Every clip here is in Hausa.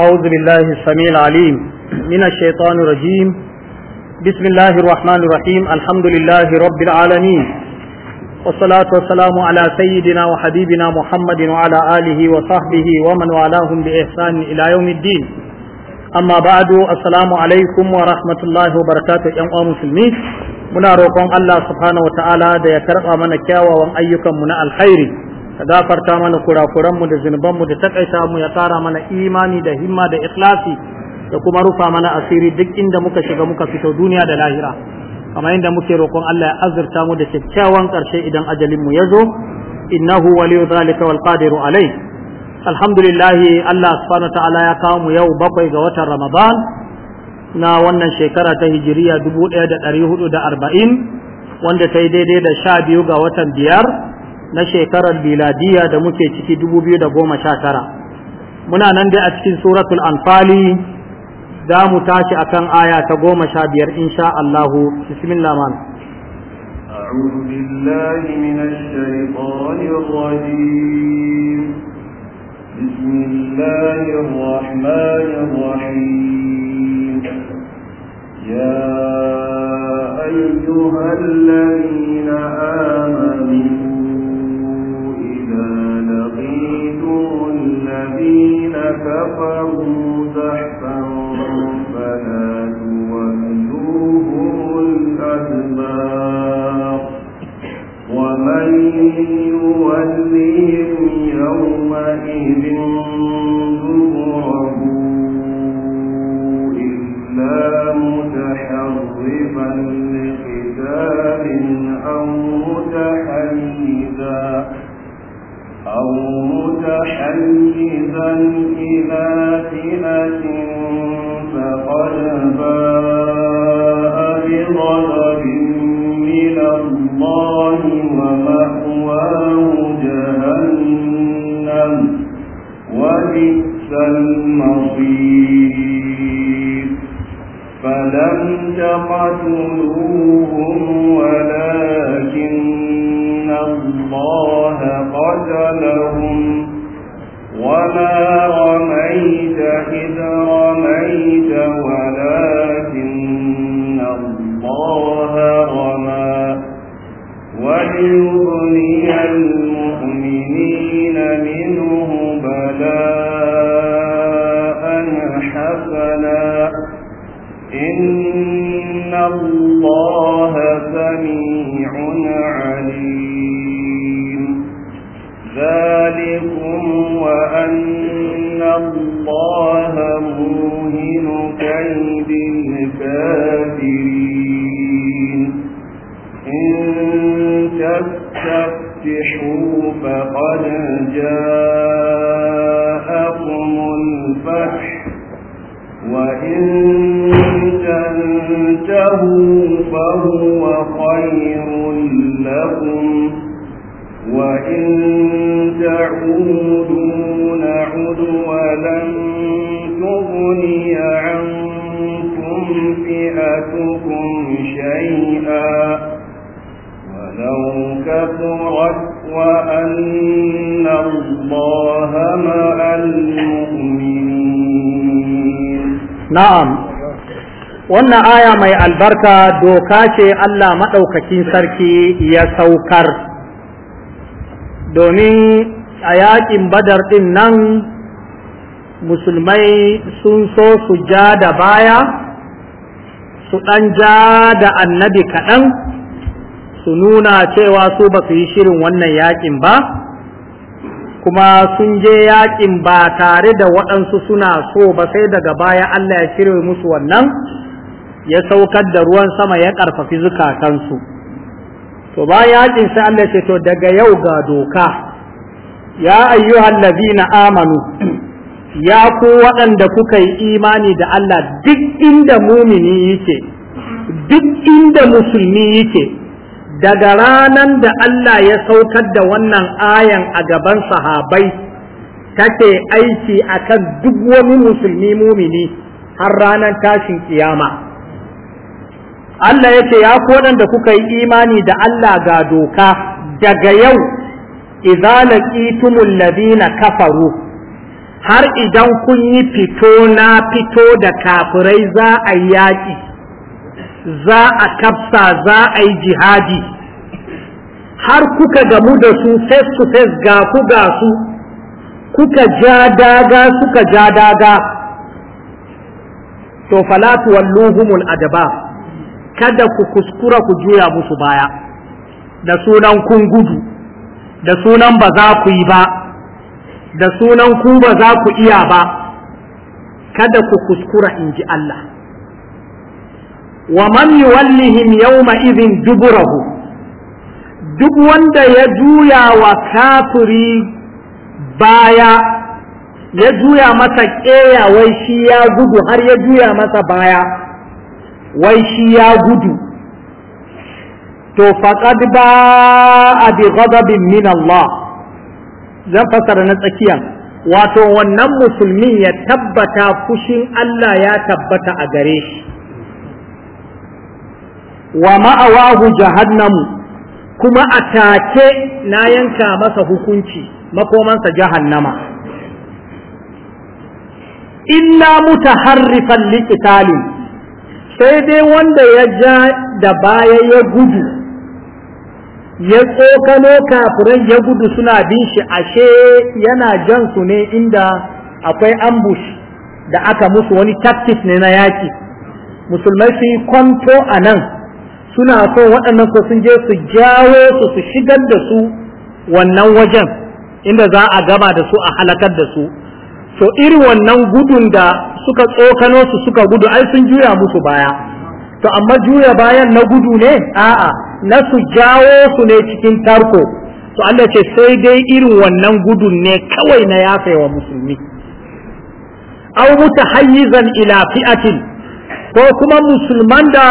أعوذ بالله السميع العليم من الشيطان الرجيم بسم الله الرحمن الرحيم الحمد لله رب العالمين والصلاة والسلام على سيدنا وحبيبنا محمد وعلى آله وصحبه ومن والاهم بإحسان إلى يوم الدين أما بعد السلام عليكم ورحمة الله وبركاته يا مسلمين muna roƙon Allah subhanahu wataala da ya karɓa mana kyawawan ayyukanmu na alkhairi ka gafarta mana kurakuranmu da zunubanmu da takaita mu ya tsara mana imani da himma da ikhlasi da kuma rufa mana asiri duk inda muka shiga muka fito duniya da lahira kamar inda muke roƙon Allah ya azurta mu da kyakkyawan ƙarshe idan ajalin mu ya zo innahu waliyu zalika wal qadiru alai alhamdulillah Allah subhanahu wa ta'ala ya kawo mu yau bakwai ga watan Ramadan na wannan shekara ta hijiriya 1440 wanda ta yi daidai da sha biyu ga watan biyar na shekarar biladiya da muke ciki 2019 muna nan dai a cikin suratul anfali za mu tashi akan aya ta goma sha biyar insha Allahu bismillah man أعوذ بالله من الشيطان الرجيم بسم الله الرحمن الرحيم يا أيها الذين آمنوا يزيد الذين كفروا زحفا فلا توجوهم الأدبار ومن يولهم يومئذ دبره إلا متحرفا لقتال أو متحيزا أو متحيزا إلى فئة فقد باء بغضب من الله ومأواه جهنم وبئس المصير فلم تقتلوهم ولكن الله قتلهم وما رميت إذ رميت ولكن الله رمى وليبني المؤمنين منه بلاء حسنا إن الله سميع عليم ذلكم وأن الله موهن كيد الكافرين إن تستفتحوا فقد جاءكم الفتح وإن تنتهوا فهو خير لكم وإن تقولون عدولا تغني عنكم فئتكم شيئا ولو كثرت وأن الله مع المؤمنين نعم wannan aya mai albarka doka ce Allah maɗaukakin sarki ya saukar domin a yakin badar din nan musulmai sun so su ja da baya su ɗan ja da annabi kaɗan su nuna cewa su ba su yi shirin wannan yakin ba kuma sun je yakin ba tare da waɗansu suna so ba sai daga baya Allah ya shirya musu wannan ya saukar da ruwan sama ya ƙarfafi zukatansu to ba yakin sai Allah ce to daga yau ga doka ya ayyuhal na amanu ya ku waɗanda kuka yi imani da Allah duk inda mumini yake duk inda musulmi yake daga ranar da Allah ya saukar da wannan ayan a gaban sahabai take aiki akan duk wani musulmi mumini har ranar tashin kiyama Allah ya ce ya kodan da kuka yi imani da Allah ga doka daga yau idza laqitumul ladina kafaru har idan kun yi fito na fito da kafirai za a yaƙi za a kafsa za a yi jihadi har kuka gamu da su face to face ga ku ga su kuka ja daga suka ja daga to falatu walluhumul adaba kada ku kuskura ku juya musu baya da sunan kun gudu da sunan ba za ku yi ba da sunan ku ba za ku iya ba kada ku kuskura in ji Allah wa man yuwallihim yawma idhin duburahu duk wanda ya juya wa kafiri baya ya juya masa ƙeya wai shi ya gudu har ya juya masa baya wai shi ya gudu to ba a bi ghadabin min Allah zan fasara na tsakiya. wato wannan musulmi ya tabbata fushin Allah ya tabbata a gare shi wa ma'awahu jahannamu kuma a take na yanka masa hukunci makomansa jahannama illa mutaharrifan likitalin sai dai wanda ya ja da baya ya gudu ya tsokano kafiran ya gudu suna bin shi ashe yana jan su ne inda akwai ambush da aka musu wani tactic ne na yaki musulmai su yi kwanto a nan suna so waɗannan ko sun je su jawo su su shigar da su wannan wajen inda za a gama da su a halakar da su to iri wannan gudun da suka tsokano su suka gudu ai sun juya musu baya to amma juya bayan na gudu ne a'a na su jawo su ne cikin tarko to Allah ce sai dai irin wannan gudun ne kawai na yafewa musulmi aw mutahayyizan ila fi'atin ko kuma musulman da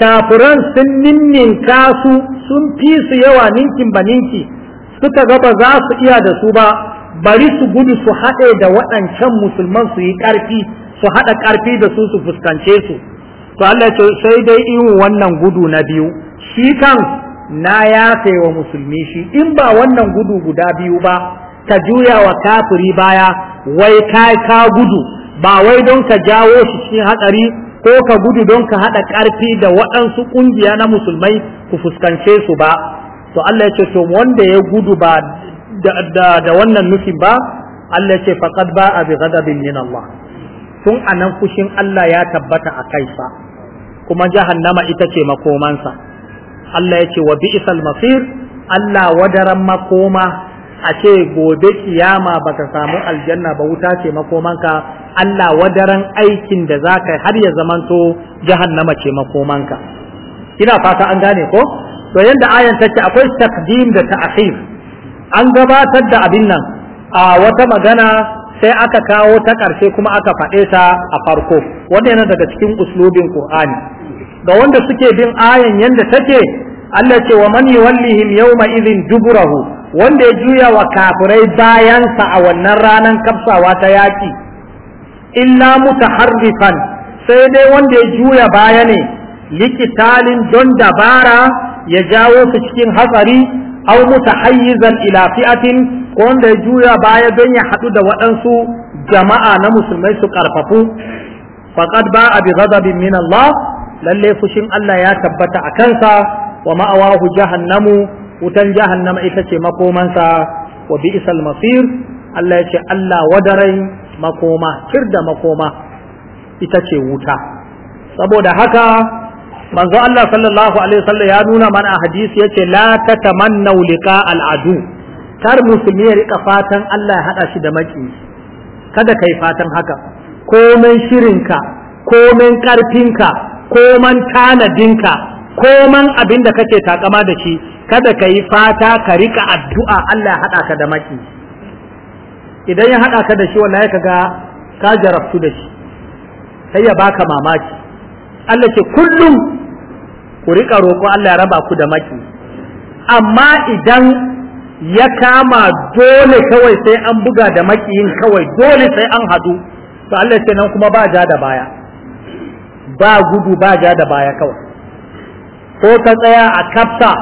kafiran sun ninninka su sun fi su yawa ninkin ba ninki suka ga ba za su iya da su ba bari su gudu su haɗe da waɗancan musulman su yi ƙarfi su haɗa ƙarfi da su su fuskance su to Allah ce sai dai in wannan gudu na biyu shi kan na yafe wa musulmi shi in ba wannan gudu guda biyu ba ka juya wa kafiri baya wai ka ka gudu ba wai don ka jawo shi cikin hatsari ko ka gudu don ka haɗa ƙarfi da waɗansu ƙungiya na musulmai ku fuskance su ba to Allah ya ce to wanda ya gudu ba da wannan nufin ba Allah ya ce faqad ba a bi ghadabin min Allah tun anan fushin Allah ya tabbata a kai fa kuma jahannama ita ce makomansa Allah ya ce wa bi'sal masir Allah wadaran makoma a ce gobe kiyama baka samu aljanna ba wuta ce makomanka Allah wadaran aikin da zaka har ya zamanto jahannama ce makomanka ina fata an gane ko to yanda ayan take akwai takdim da ta'khir an gabatar da abin nan a wata magana sai aka kawo ta ƙarshe kuma aka faɗe ta a farko wannan yana daga cikin uslubin Qur'ani ga wanda suke bin ayan yanda take Allah ce wa man yuwallihim yawma idhin duburahu wanda ya juya wa kafirai bayansa a wannan ranan kafsawa ta yaki illa mutaharrifan sai dai wanda ya juya baya ne likitalin don dabara ya jawo su cikin hatsari aw mutahayyizan ila fi'atin ko wanda ya juya baya don ya haɗu da waɗansu jama'a na musulmai su karfafu faqad ba'a bi ghadabin min Allah Lallai fushin Allah ya tabbata a kansa wa ma'awahu jahannamu wutan jahannama ita ce makomansa wa bi'sal masir Allah ya ce Allah wadarai makoma da makoma ita ce wuta saboda haka manzo Allah sallallahu alaihi wasallam ya nuna mana hadisi yace la tatamannu liqa al adu kar musulmi ya rika fatan Allah ya hada shi da maki kada kai fatan haka komai shirinka komai karfinka koman tanadinka koman abin da kake takama da shi kada ka yi fata ka rika addu'a Allah ya haɗa ka da maki idan ya haɗa ka da shi wallahi kaga ka jarabtu da shi sai ya baka mamaki Allah ce kullum ku rika roƙo Allah ya raba ku da maki amma idan ya kama dole kawai sai an buga da makiyin kawai dole sai an hadu to Allah ce nan kuma ba ja da baya ba gudu ba ja da baya kawai ko ka tsaya a kafta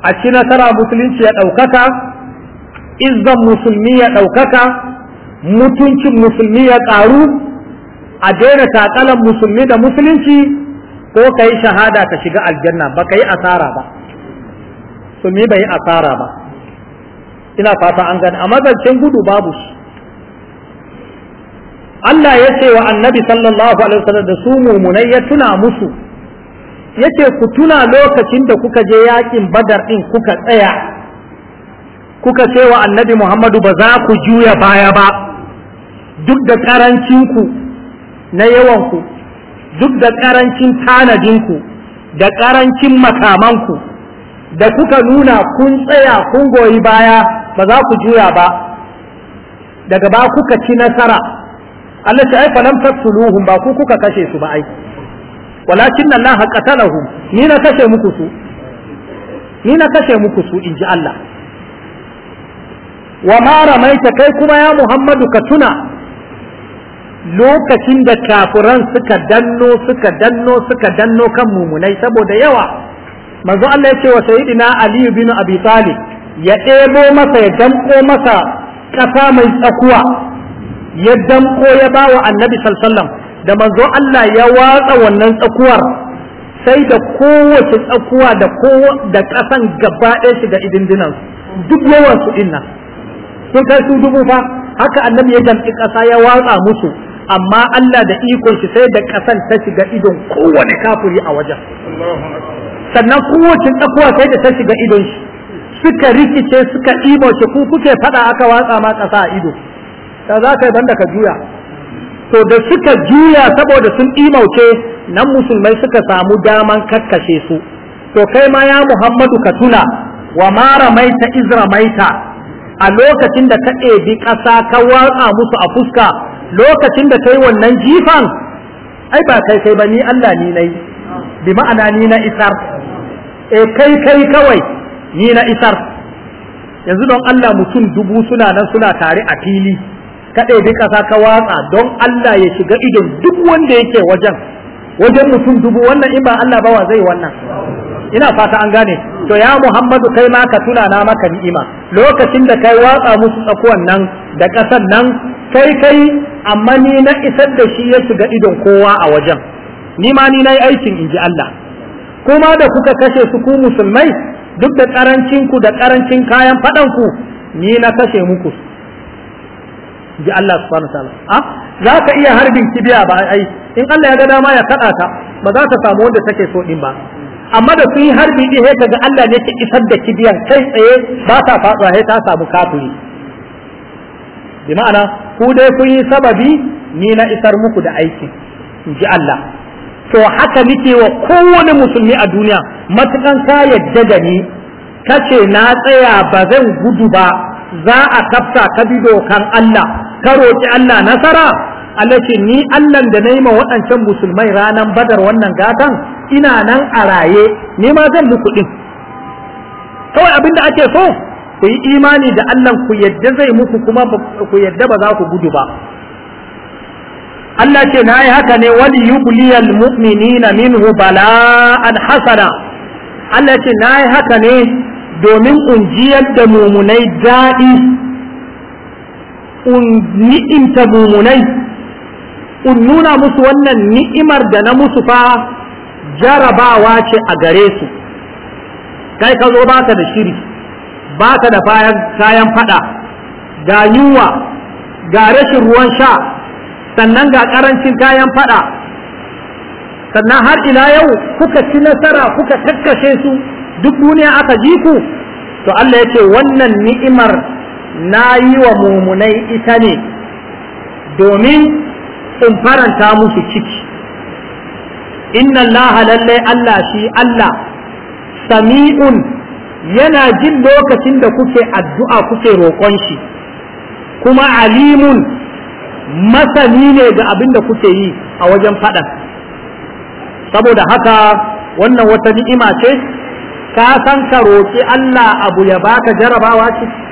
a ci nasara musulunci ya ɗaukaka izzan musulmi ya ɗaukaka mutuncin musulmi ya ƙaru a daina takalan musulmi da musulunci ko ka yi shahada ka shiga aljanna ba ka yi asara ba musulmi bai yi asara ba ina fata an gani a mazancin gudu babu shi Allah ya ce wa annabi sallallahu alaihi wasallam da su mumunai ya tuna musu yace ku tuna lokacin da kuka je yakin badar din kuka tsaya kuka ce wa annabi Muhammadu ba za ku juya baya ba duk da karancin ku na yawan ku duk da karancin tanadin ku da karancin makaman ku da kuka nuna kun tsaya kun goyi baya ba za ku juya ba daga ba kuka ci nasara Allah ta ai lam tasluhum ba ku kuka kashe su ba ai walakin Allah qatalahum ni na kashe muku su ni na kashe muku su inji Allah wa ma ramaita kai kuma ya Muhammadu ka tuna lokacin da kafiran suka danno suka danno suka danno kan mumunai saboda yawa manzo Allah ya ce wa sayyidina Ali bin Abi Talib ya ɗebo masa ya danko masa ƙasa mai tsakuwa ya damko ya ba wa annabi sallallahu da manzo Allah ya watsa wannan tsakuwar sai da kowace tsakuwa da kowa da kasan gaba ɗaya shiga idindinan duk yawan su sun kai su dubu fa haka annabi ya damki kasa ya watsa musu amma Allah da ikon shi sai da kasan ta shiga idon kowane kafiri a wajen sannan kowace tsakuwa sai da ta shiga idon shi suka rikice suka imo shi ku kuke fada aka watsa ma kasa a ido da za ka yi banda ka juya to da suka juya saboda sun imauce nan musulmai suka samu daman kakkashe su to kai ma ya muhammadu ka tuna wa mara maita izra maita a lokacin da ka ɗebi ƙasa ka watsa musu a fuska lokacin da kai wannan jifan ai ba kai kai ba ni Allah ni yi. bi ma'ana ni na isar e kai kai kawai ni na isar yanzu don Allah mutum dubu suna nan suna tare a fili Kaɗai duka ƙasa ka watsa don Allah ya shiga idon duk wanda yake wajen wajen mutum dubu wannan in ba Allah ba wa zai wannan ina fata an gane to ya Muhammadu kai ma ka tuna na maka ni'ima lokacin da kai watsa musu tsakuwan nan da ƙasan nan kai kai amma ni na isar da shi ya shiga idon kowa a wajen ni ma ni na aikin in ji Allah kuma da kuka kashe su ku musulmai duk da ku da ƙarancin kayan ku ni na kashe muku ji Allah subhanahu wataala a ah, za ka iya harbin kibiya ba ai in Allah ya ga dama ya kada ta ba za ta samu wanda take so din ba amma da sun yi harbi din sai kaga Allah ne ke isar da kibiyar kai tsaye ba ta faɗuwa sai ta samu kafiri bi ma'ana ku dai kun yi sababi ni na isar muku da aiki in ji Allah to haka nake wa kowane musulmi a duniya matukan ka yadda da ni kace na tsaya ba zan gudu ba za a kafta ka bi dokan Allah ka roƙi Allah nasara Allah ce ni Allah da na yi ma waɗancan musulmai ranar badar wannan gatan ina nan a raye ni ma zan muku ɗin kawai abin da ake so ku yi imani da Allah ku yadda zai muku kuma ku yadda ba za ku gudu ba Allah ce na yi haka ne wani yubliyal mu'minina minhu an hasana Allah ce na yi haka ne domin ƙungiyar da mumunai daɗi ni'imta mumunai in nuna musu wannan ni'imar da na musu fa jarabawa ce a gare su kai ka zo baka da shiri baka da kayan fada ga yunwa ga rashin ruwan sha sannan ga karancin kayan fada sannan har ila yau kuka ci nasara kuka tattashe su duk duniya aka ji ku to Allah ya ce wannan ni'imar na yi wa mumunai ita ne domin in faranta musu ciki inna allaha lallai allah shi allah sami'un yana jin lokacin da kuke addu'a kuke roƙon shi kuma alimun masani ne ga abin da kuke yi a wajen faɗan saboda haka wannan wata ni'ima ce ka san ka roƙi allah abu ya baka jarabawa ciki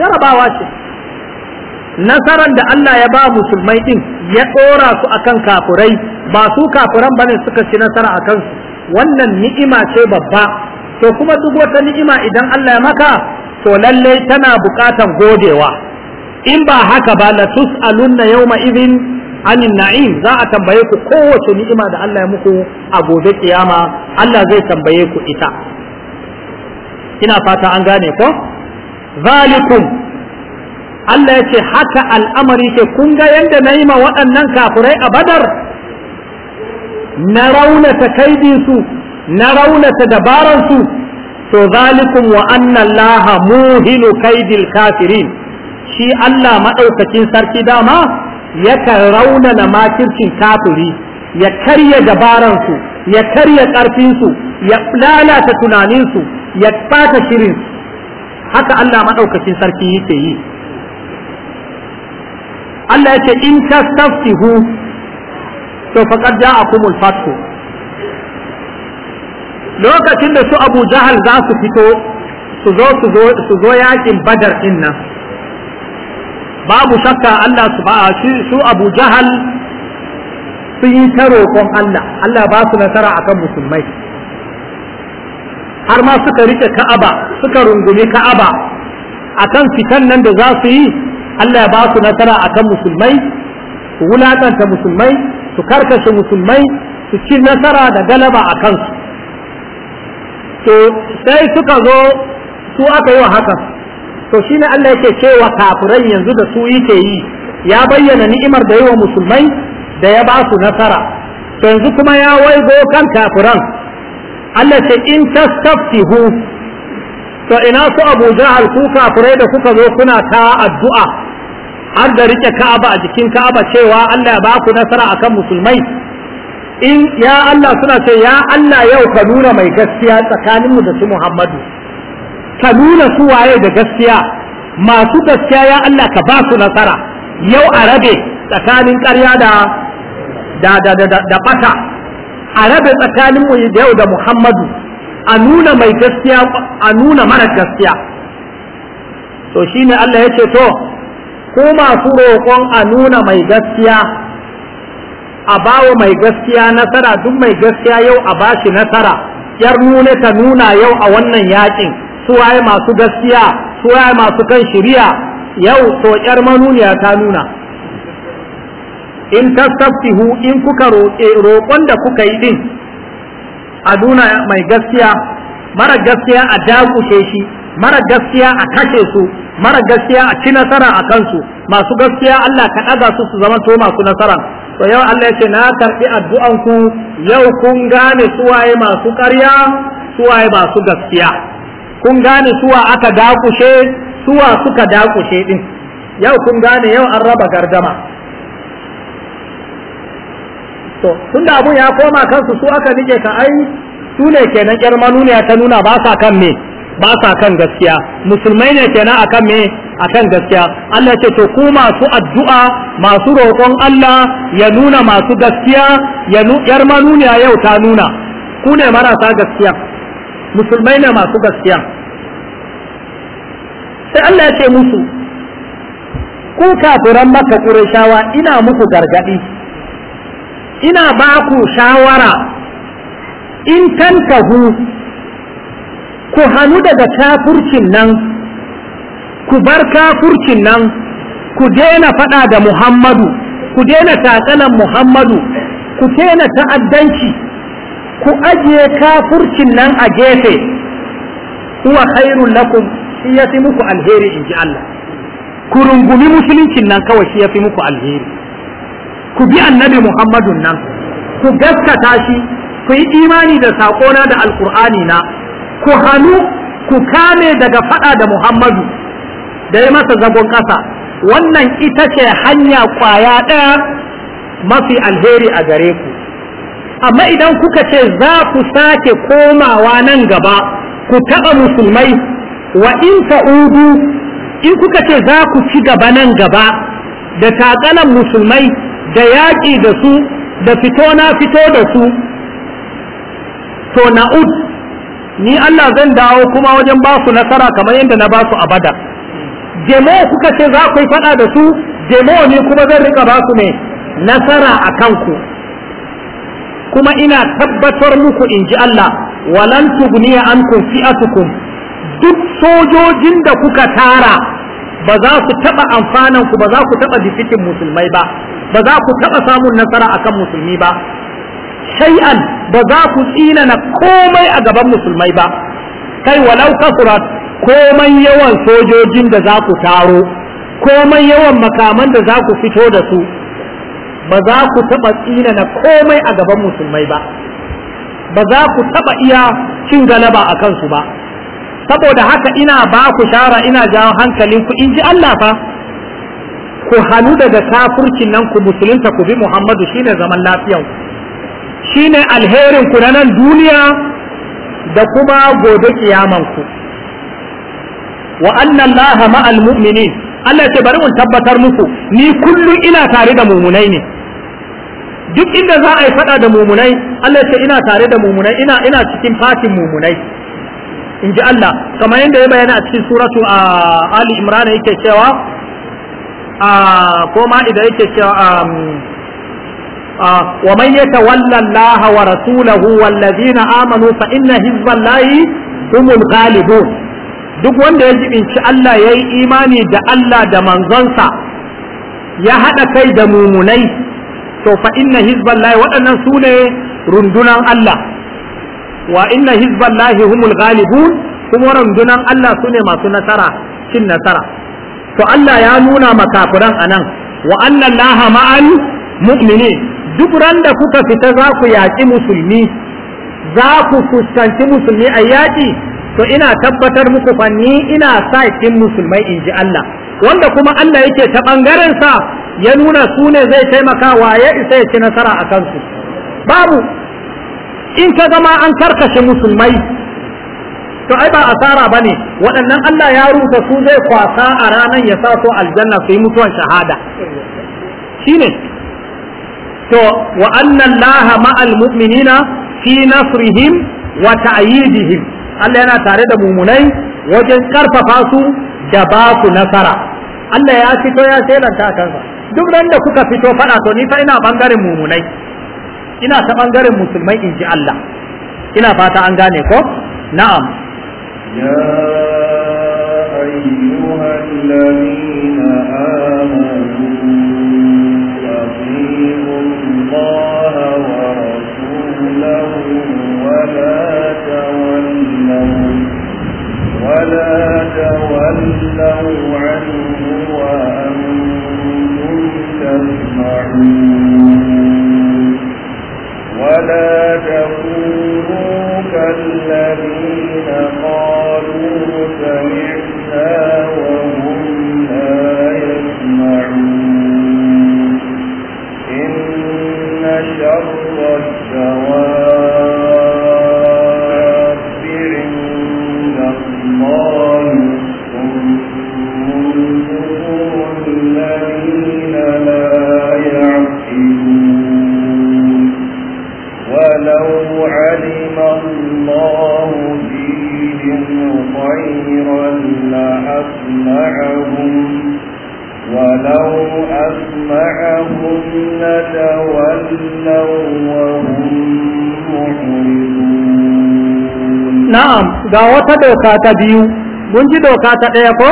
jarabawa ce nasarar da Allah ya ba musulmai din ya ɗora su akan kafurai ba su kafuran bane suka ci nasara akan su wannan ni'ima ce babba to kuma duk wata ni'ima idan Allah ya maka to lallai tana bukatan godewa in ba haka ba la tus'alunna yawma idhin anin na'im za a tambaye ku kowace ni'ima da Allah ya muku a gobe kiyama Allah zai tambaye ku ita ina fata an gane ko zalikum Allah ya ce haka al'amari ke kun ga yadda na yi ma waɗannan kafurai a badar na raunata kaidinsu na raunata dabaransu to zalikum wa annan Allah muhinu kaidil kafirin shi Allah maɗaukacin sarki dama yakan raunana makircin kafiri ya karya dabaransu ya karya ƙarfinsu ya lalata tunaninsu ya ɓata shirinsu haka Allah maɗaukacin sarki yake yi Allah yace in tastaftihu to faqad ja'akumul fathu lokacin da su Abu Jahal za su fito su zo su zo su zo yakin Badar din nan babu shakka Allah subhanahu su Abu Jahal sun yi ta roƙon Allah Allah ba su nasara akan musulmai har ma suka rike ka'aba suka rungumi ka'aba akan fitan nan da za su yi Allah ya ba su nasara akan musulmai su wulakanta musulmai su karkashe musulmai su ci nasara da galaba a kansu to sai suka zo su aka yi wa haka to ne Allah yake cewa kafirai yanzu da su yake yi ya bayyana ni'imar da yi wa musulmai da ya ba su nasara to yanzu kuma ya waigo kan kafiran Allah ce in tastaftihu to ina su Abu Jahal ku kafirai da kuka zo kuna ta addu'a har da rike Ka'aba a jikin Ka'aba cewa Allah ya ba ku nasara akan musulmai in ya Allah suna ce ya Allah yau ka nuna mai gaskiya tsakaninmu da su Muhammadu ka nuna su waye da gaskiya masu gaskiya ya Allah ka ba su nasara yau a rabe tsakanin ƙarya da da da da da a rabe tsakanin mu yau da Muhammadu a nuna mai gaskiya a nuna mara gaskiya to shine Allah ya ce to ko masu roƙon a nuna mai gaskiya a bawa mai gaskiya nasara duk mai gaskiya yau a bashi nasara yar nuna ta nuna yau a wannan yakin suwaye masu gaskiya suwaye masu kan shiriya yau to yar manuniya ta nuna in tastaftihu in kuka roƙe roƙon da kuka yi din a nuna mai gaskiya mara gaskiya a dakushe shi mara gaskiya a kashe su mara gaskiya a ci nasara a kansu masu gaskiya Allah ka ɗaga su su zama to masu nasara to yau Allah ya ce na karɓi addu'an ku yau kun gane suwaye masu ƙarya suwaye masu gaskiya kun gane suwa aka dakushe suwa suka dakushe din yau kun gane yau an raba gardama to tunda abun ya koma kansu su aka rike ka ai su ne kenan yar manuniya ta nuna ba sa kan me ba sa kan gaskiya musulmai ne kenan akan me akan gaskiya Allah ce to ku masu addu'a masu roƙon Allah ya nuna masu gaskiya ya yar manuniya yau ta nuna ku ne marasa gaskiya musulmai ne masu gaskiya sai Allah ya ce musu ku kafiran maka ƙurashawa ina muku gargaɗi ina ba'aku shawara in tantahu ku hannu daga kafurcin nan ku bar kafurcin nan ku deena faɗa da muhammadu ku deena takalan muhammadu ku daina ta'addanci ku ajiye kafurcin nan a gefe huwa khairun lakum shi ya muku alheri in Allah ku rungumi musuluncin nan kawai shi yafi muku alheri ku bi annabi muhammadun nan ku gaskata shi ku yi imani da saƙona da alƙur'ani na ku hannu ku kame daga faɗa da muhammadu da ya masa zagon ƙasa wannan ita ce hanya ƙwaya ɗaya mafi alheri a gare ku amma idan kuka ce za ku sake komawa nan gaba ku taɓa musulmai wa in fa'udu in kuka ce za ku ci gaba nan gaba da taƙalan musulmai da yaƙi da su da fito na fito da su to na'ud ni Allah zan dawo kuma wajen ba su nasara kamar yadda na ba su a bada jemo kuka ce za ku yi faɗa da su jemo ne kuma zan rika ba su ne nasara a ku, kuma ina tabbatar muku in ji Allah walan tugniya ankum fi'atukum duk sojojin da kuka tara ba za su taɓa amfanan ku ba za ku taɓa bisikin musulmai ba ba za ku taɓa samun nasara akan musulmi ba shay'an ba za ku tsinana komai a gaban musulmai ba kai walau kasurat komai yawan sojojin da za ku taro komai yawan makaman da za ku fito da su ba za ku taɓa tsinana komai a gaban musulmai ba ba za ku taɓa iya cin galaba a kansu ba saboda haka ina ba ku shara ina jawo hankalinku in ji Allah fa ku hannu daga kafurcin nan ku musulunta ku bi Muhammadu shine zaman lafiyar. shine alherin ku na nan duniya da kuma gobe kiyaman ku wa anna Allaha ma'al mu'minin Allah ya ce bari mun tabbatar muku ni kullum ina tare da mumunai ne duk inda za a yi fada da mumunai Allah ya ce ina tare da mumunai ina ina cikin fatin mumunai in ji Allah kamar yadda ya bayana a cikin suratu a Ali Imran yake cewa ko ma da yake cewa wa man yatawalla Allah wa rasulahu wal ladina amanu fa inna hizballahi humul ghalibun duk wanda ya jibinci Allah ya yi imani da Allah da manzonsa ya haɗa kai da mumunai to fa inna hizballahi waɗannan su ne rundunan Allah wa inna hizballahi humul ghalibun kuma rundunan Allah su ne masu nasara cin nasara to Allah ya nuna makafiran nan wa anna Allaha ma'al mu'minin duk ran da kuka fita za ku yaƙi musulmi za ku fuskanci musulmi a yaƙi to ina tabbatar muku fanni ina sa kin musulmai in ji Allah wanda kuma Allah yake ta ɓangaren sa ya nuna su ne zai taimaka wa ya isa ya ci nasara a kansu babu in ka zama an karkashe musulmai to ai ba asara bane waɗannan Allah ya rusa su zai kwasa a ranar ya sa su aljanna su yi mutuwan shahada shine to wa anna Allah ma'al mu'minina fi nasrihim wa ta'yidihim Allah yana tare da mumunai wajen karfafa su da ba su nasara Allah ya fito ya shelanta kansa duk nan da kuka fito fada to ni fa ina bangaren mumunai ina ta bangaren musulmai in ji Allah ina fata an gane ko na'am يا أيها الذين أطيعوا الله ورسوله ولا تولوا عنه تسمعون ولا تكونوا أولئك الذين قالوا سمعنا وهم لا يسمعون إن شر na'am وهم معرضون نعم ga wata doka ta biyu mun ji doka ta ɗaya ko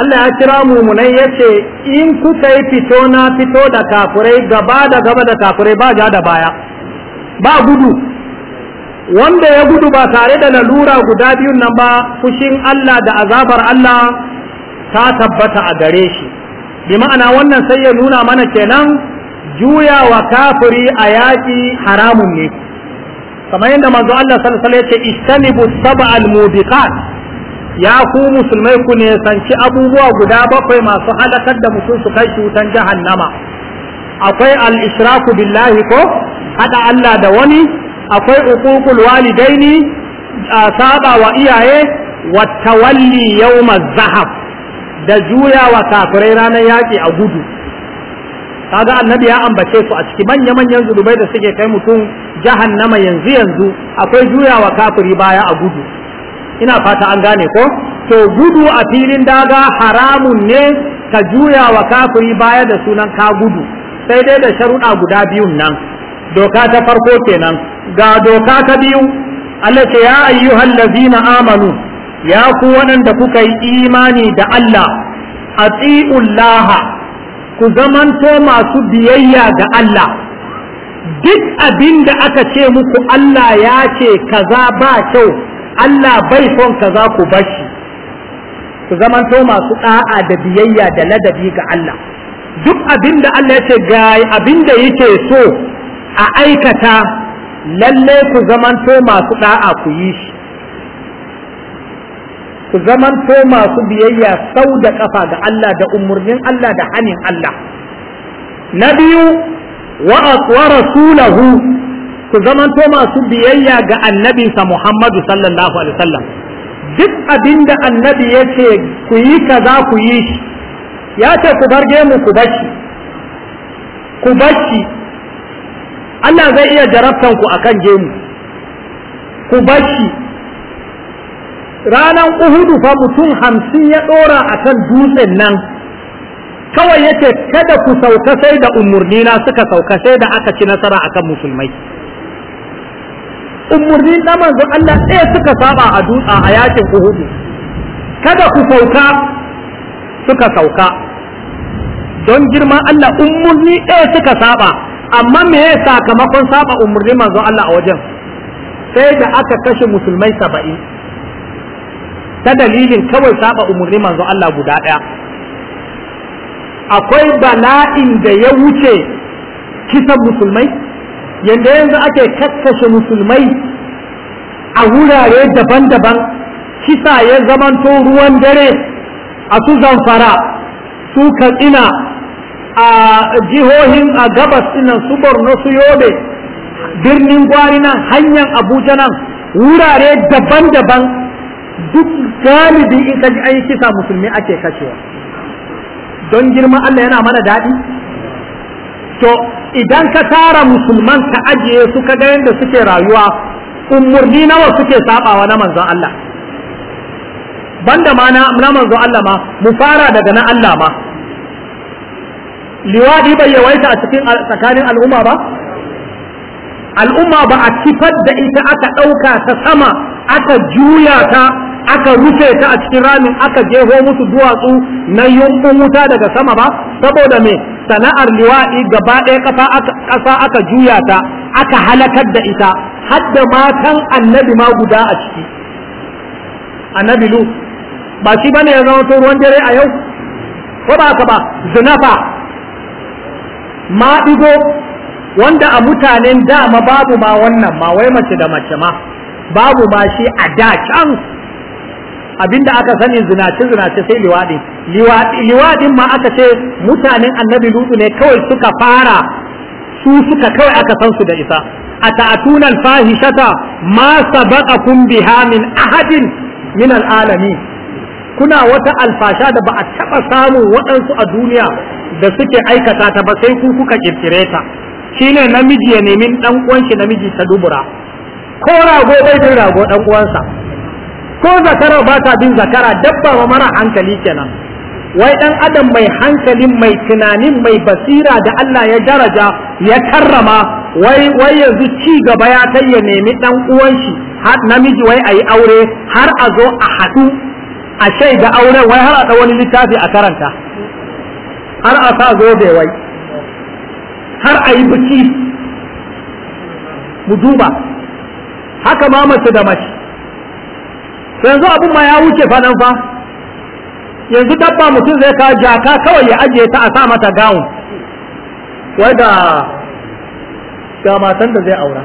Allah ya kira mumunai ya ce in kuka yi fito na fito da kafurai gaba da gaba da kafurai ba ja da baya ba gudu wanda ya gudu ba tare da lalura guda biyun nan ba fushin Allah da azabar Allah ta tabbata a gare shi bi ma'ana wannan sai ya nuna mana kenan juya wa kafiri a yaƙi haramun ne kamar yadda manzo Allah sallallahu alaihi wasallam ya istanibu sab'al mubiqat ya ku musulmai ku ne sanci abubuwa guda bakwai masu halakar da mutum su kai shi wutan jahannama akwai al-ishraku billahi ko hada Allah da wani akwai uququl walidaini saba wa iyaye wa tawalli yawmaz zahab da juyawa kafirai ranar yaƙi a gudu kaga annabi ya ambace su a ciki manya manyan zunubai da suke kai mutum jahannama yanzu yanzu akwai juyawa kafiri baya a gudu ina fata an gane ko to gudu a filin daga haramun ne ka juyawa kafiri baya da sunan ka gudu sai dai da sharuɗa guda biyun nan doka ta farko kenan ga doka ta biyu Allah ce ya ayyuhal amanu ya ku waɗanda kuka yi imani da Allah a laha? ku zamanto masu biyayya ga Allah duk abin da aka ce muku Allah ya ce kaza ba kyau Allah bai son kaza ku bashi ku zamanto masu ɗa'a da biyayya da ladabi ga Allah duk abin da Allah ya ce ga abin da yake so a aikata lalle ku zamanto masu ɗa'a ku yi shi su zaman to masu biyayya sau da ƙafa ga Allah da umarnin Allah da hanin Allah na biyu wa rasulahu su zaman to masu biyayya ga annabinsa Muhammadu sallallahu alaihi wasallam duk abinda annabi ya ce ku yi kaza ku yi shi ya ce ku bar gemu ku bashi ku bashi Allah zai iya jarabtanku ku akan gemu ku bashi ranan uhudu fa mutum hamsin ya ɗora a kan dutsen nan kawai yace kada ku sauka sai da umarni na suka sauka sai da aka ci nasara akan musulmai umarni na manzon Allah ɗaya suka saba a dutsa a yakin uhudu kada ku sauka suka sauka don girman Allah umarni ɗaya suka saba amma me ya sakamakon saba umarni manzon Allah a wajen sai da aka kashe musulmai saba'in ta dalilin kawai saba umarni manzo Allah guda ɗaya akwai bala'in da ya wuce kisan musulmai yanda yanzu ake kakkashe musulmai a wurare daban-daban kisa ya zamanto ruwan dare a su zamfara su katsina a jihohin a gabas ɗinan su borno su yobe birnin gwari nan hanyar abuja nan wurare daban-daban duk galibi in kaji an yi kisa musulmi ake kashewa don girman Allah yana mana daɗi to idan ka tara musulman ka ajiye su ka ga yadda suke rayuwa umurni nawa suke sabawa na manzon Allah banda ma na manzon Allah ma mu fara daga na Allah ma liwadi bai yawaita a cikin tsakanin al'umma ba al'umma ba a kifar da ita aka ɗauka ta sama aka juya ta aka rufe ta a cikin ramin aka jeho musu duwatsu na yunkun wuta daga sama ba saboda mai sana'ar liwa'i gaba ɗaya ƙasa aka juya ta aka halakar da ita hadda matan annabi ma guda a ciki annabi lu ba shi bane ya zama ruwan dare a yau ko ba ka ba zinafa ma ɗigo wanda a mutanen dama babu ma wannan ma wai mace da mace ma babu ma shi a da can abinda aka sani zinace zinace sai liwaɗi liwaɗin ma aka ce mutanen annabi lutu ne kawai suka fara su suka kawai aka san su da isa a ta'atuna masa ma sabaqakum biha min ahadin min alami kuna wata alfasha da ba a taɓa samun waɗansu a duniya da suke aikata ta ba sai ku kuka kirkire ta shine namiji ya nemi dan uwan shi namiji ta dubura ko rago bai rago dan uwansa ko zakara ba ta bin zakara dabba ba mara hankali kenan wai dan adam mai hankali mai tunanin mai basira da Allah ya daraja ya karrama wai wai yanzu ci gaba ya kai ya nemi dan uwan shi har namiji wai ayi aure har a zo a haɗu a shaida auren wai har a da wani littafi a karanta har a sa zo zobe wai har a yi biki mu duba haka ma mace da mace yanzu abin ma ya wuce fa nan fa yanzu dabba mutum zai ka jaka kawai ya ajiye ta a sa mata gawun wai ga ga matan da zai aura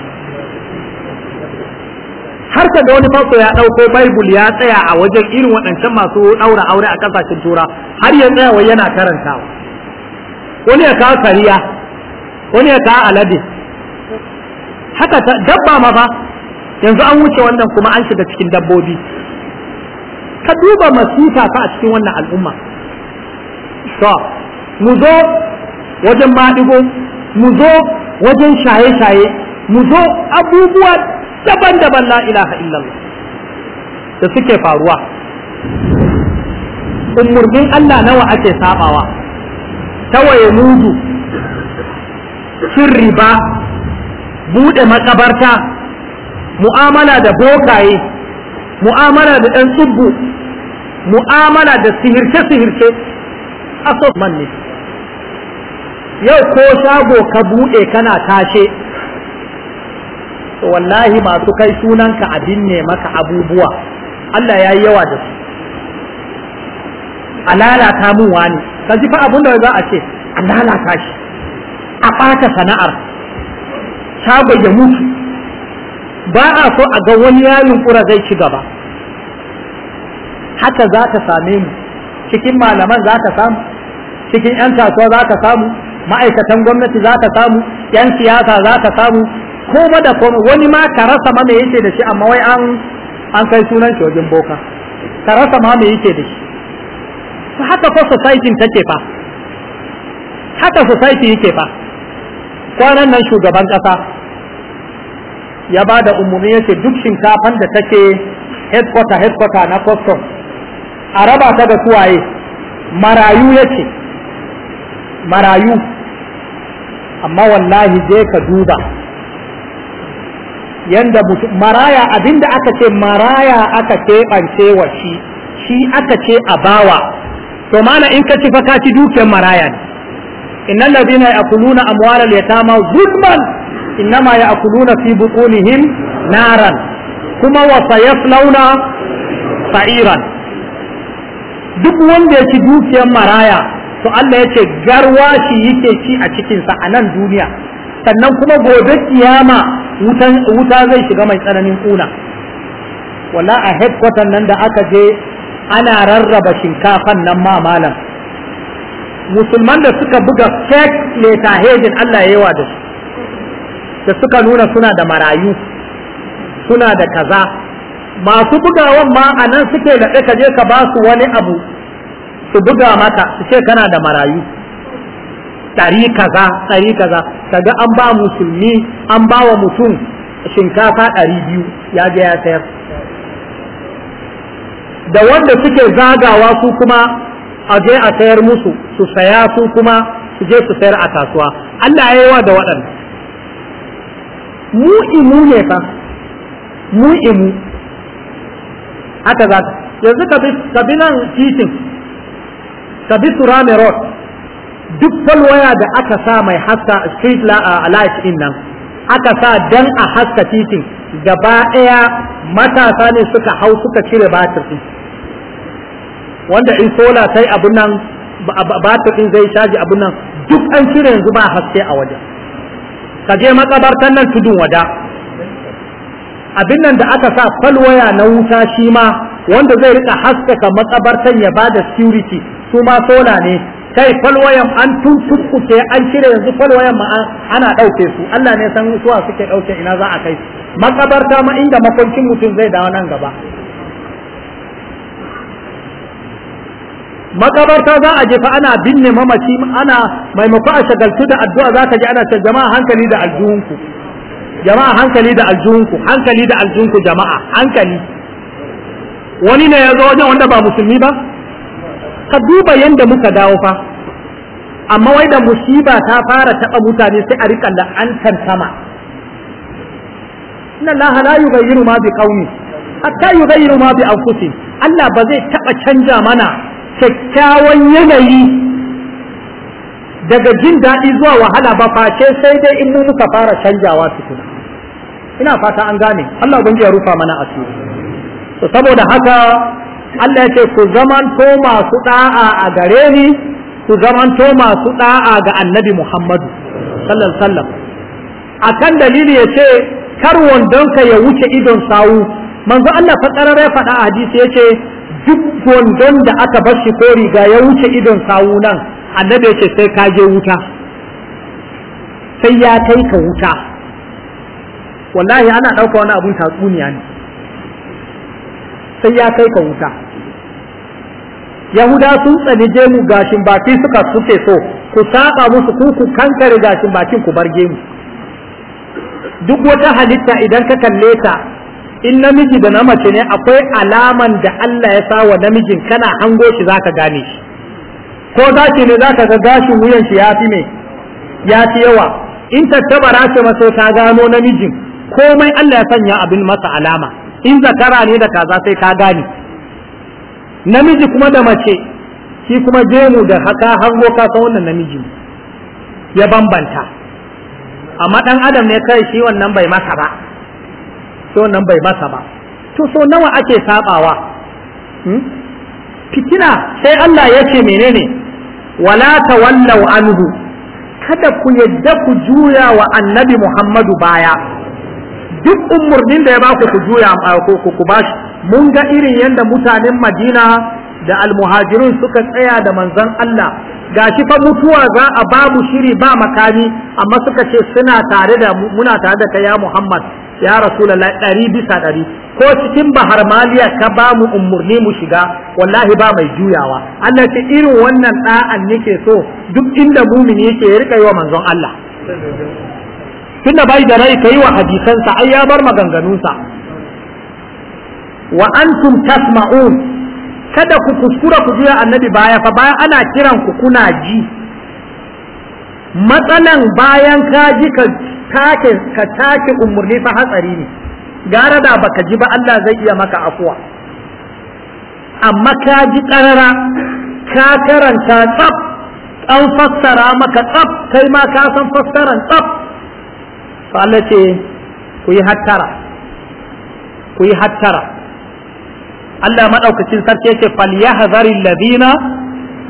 har da wani fasto ya ɗauko baibul ya tsaya a wajen irin waɗancan masu daura aure a kasashen tura har ya tsaya wai yana karantawa wani ya kawo kariya wani ya kawo alade haka dabba ma ba yanzu an wuce wannan kuma an shiga cikin dabbobi ka duba masifa ta a cikin wannan al'umma to mu zo wajen maɗigo mu zo wajen shaye-shaye mu zo abubuwa daban-daban la ilaha illallah da suke faruwa umurnin Allah nawa ake sabawa tawaye mudu cin riba buɗe makabarta mu'amala da bokaye mu'amala da ɗan tsubbu mu'amala da sihirce-sihirce man ne yau ko shago ka buɗe kana tashe wallahi masu kai sunanka abin ne maka abubuwa Allah ya yi yawa da su a lalata mun wani ka ji fa abin da za a ce a lalata shi a ɓata sana'ar shago ya mutu ba a so a ga wani yayin kura zai ci gaba haka za ka same mu cikin malaman za ka samu cikin 'yan kasuwa za ka samu ma'aikatan gwamnati za ka samu 'yan siyasa za ka samu koma da kuma wani ma ka rasa ma me yake da shi amma wai an an kai sunan shi wajen boka ka rasa ma me yake da shi to haka fa society take fa haka society yake fa kwanan nan shugaban kasa ya ba da umumi yace duk shinkafan da take headquarter headquarter na custom a raba ta da kuwaye marayu ce marayu amma wallahi je ka duba yanda maraya abinda aka ce maraya aka keɓance wa shi shi aka ce a bawa to mana in ka ci fa ka ci dukiyar maraya ne innal ladina ya'kuluna amwalal yatama zulman innama ya'kuluna fi butunihim naran kuma wa sayaslawna sa'iran duk wanda ya ci dukiyar maraya to Allah ya ce garwashi yake ci a cikinsa a nan duniya sannan kuma gobe kiyama wuta zai shiga mai tsananin kuna wala a headquarter nan da aka je ana rarraba shinkafan nan ma malam musulman da suka buga fake letahedin Allah ya yawa da su da suka nuna suna da marayu suna da kaza masu bugawan ma a nan suke da ka je ka ba su wani abu su buga maka su ce kana da marayu ɗari kaza tari kaza kaga an ba musulmi an ba wa mutum shinkafa ɗari biyu ya je ya sayar da wanda suke zagawa su kuma a je a sayar musu su saya su kuma su je su sayar a kasuwa Allah ya yi wa da waɗanda mu imu ne fa mu imu haka za ka yanzu ka bi nan titin ka bi road duk falwaya da aka sa mai haska street light in nan aka sa dan a haska titin gaba ɗaya matasa ne suka hau suka cire batir wanda in sola sai abun nan batir zai caji abun nan duk an cire yanzu ba haske a wajen ka je makabartan nan tudun wada abin nan da aka sa falwaya na wuta shi ma wanda zai rika haskaka matsabartan ya bada security su ma sola ne kai falwayan an tuntuɓuke an cire yanzu falwayan ma ana ɗauke su Allah ne san suwa suke ɗauke ina za a kai makabarta ma inda makwancin mutum zai dawo nan gaba makabarta za a jefa ana binne mamaci ana maimako a shagaltu da addu'a za ka ji ana ce jama'a hankali da aljuhunku. jama'a hankali da aljihunku hankali da aljihunku jama'a hankali wani ne ya zo wajen wanda ba musulmi ba ka duba yadda muka dawo fa amma wai da musiba ta fara taɓa mutane sai a riƙa la'antar sama inna allaha la yughayyiru ma bi qaumi hatta yughayyiru ma bi anfusihim Allah ba zai taɓa canja mana kyakkyawan yanayi daga jin daɗi zuwa wahala ba face sai dai in muka fara canjawa tukuna ina fata an gane Allah ubangi ya rufa mana asiri to saboda haka Allah ya ce ku zamanto masu da'a a gare ni ku zamanto masu da'a ga annabi Muhammadu sallallahu alaihi wasallam akan dalili ya ce kar wandonka ya wuce idon sawu manzo Allah fa karara ya faɗa a hadisi yace duk wandon da aka bar shi ko riga ya wuce idon sawu nan annabi yace sai ka je wuta sai ya kai ka wuta wallahi ana ɗauka wani abun tatsuniya ne sai ya kai ka wuta yahuda sun tsani mu gashin baki suka suke so ku saba musu ku ku kankare gashin bakin ku barge mu duk wata halitta idan ka kalle ta in namiji da namace ne akwai alaman da Allah ya sa wa namijin kana hango shi zaka gane shi ko gashi ne zaka ga gashin wuyan shi ya fi me ya fi yawa in tattabara ce maso ta gano namijin komai Allah ya sanya abin masa alama in zakara ne da kaza sai ka gane namiji kuma da mace shi kuma jemu da haka hango ka san wannan namiji ya bambanta amma dan adam ne kai shi wannan bai masa ba shi wannan bai masa ba to so nawa ake sabawa hmm? fitina sai Allah ya ce menene wala tawallau anhu kada ku yadda ku juya wa annabi Muhammadu baya duk umurnin da ya ba ku ku juya ko ku bashi mun ga irin yadda mutanen Madina da almuhajirun suka tsaya da manzon Allah gashi fa mutuwa za a babu shiri ba makami amma suka ce suna tare da muna tare da kai ya Muhammad ya Rasulullah ɗari bisa ɗari ko cikin bahar maliya ka ba mu umurni mu shiga wallahi ba mai juyawa Allah ce irin wannan ɗa'an yake so duk inda mumini yake ya rika yi wa manzon Allah tunda bai da rai kai wa hadisansa ai ya bar maganganunsa wa antum tasma'un kada ku kuskura ku biya annabi baya fa baya ana kiran ku kuna ji matsalan bayan ka ji ka take ka take umurni fa hatsari ne gara da baka ji ba Allah zai iya maka afuwa amma ka ji karara ka karanta tsaf an fassara maka tsaf kai ma ka san fassaran tsaf to Allah ce ku yi hattara ku yi hattara Allah madaukakin sarki yace falyahzari alladhina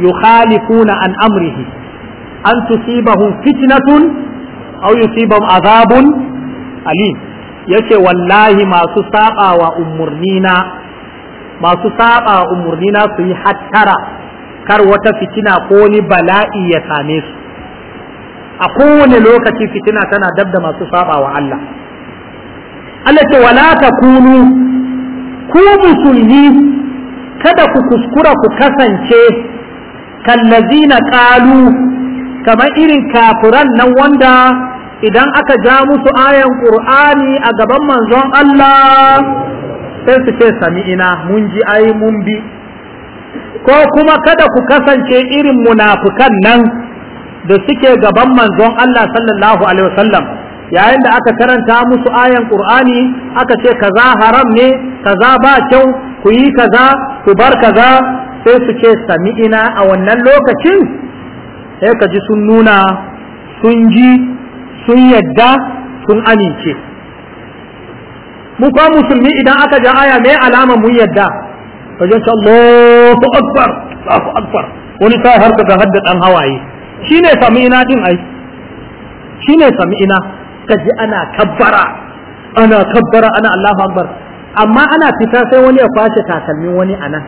yukhalifuna an amrihi an tusibahum fitnatun aw yusibahum azabun alim yace wallahi masu sabawa umurnina masu saba umurnina su yi hattara kar wata fitina ko ni bala'i ya same su a kowane lokaci fitina tana dab da masu saba wa Allah Allah ce wala kunu. ku musulmi kada ku kuskura ku kasance na ƙalu, kamar irin kafiran nan wanda idan aka ja musu ayan qur'ani a gaban manzon Allah sai su ce ina mun ji ai mun bi ko kuma kada ku kasance irin munafukan nan da suke gaban manzon Allah sallallahu alaihi wasallam yayin da aka karanta musu ayan Qur'ani aka ce kaza haram ne kaza ba kyau ku yi kaza ku bar kaza sai su ce sami'ina a wannan lokacin sai ka ji sun nuna sun ji sun yadda sun amince mu ko musulmi idan aka ji aya mai alama mun yadda wajen Allahu akbar Allahu akbar wani ta harka ka ga hadda dan hawaye sami ina din ai shine sami'ina kaji ana kabbara ana kabbara ana Allahu akbar amma ana fita sai wani ya kwashe takalmin wani anan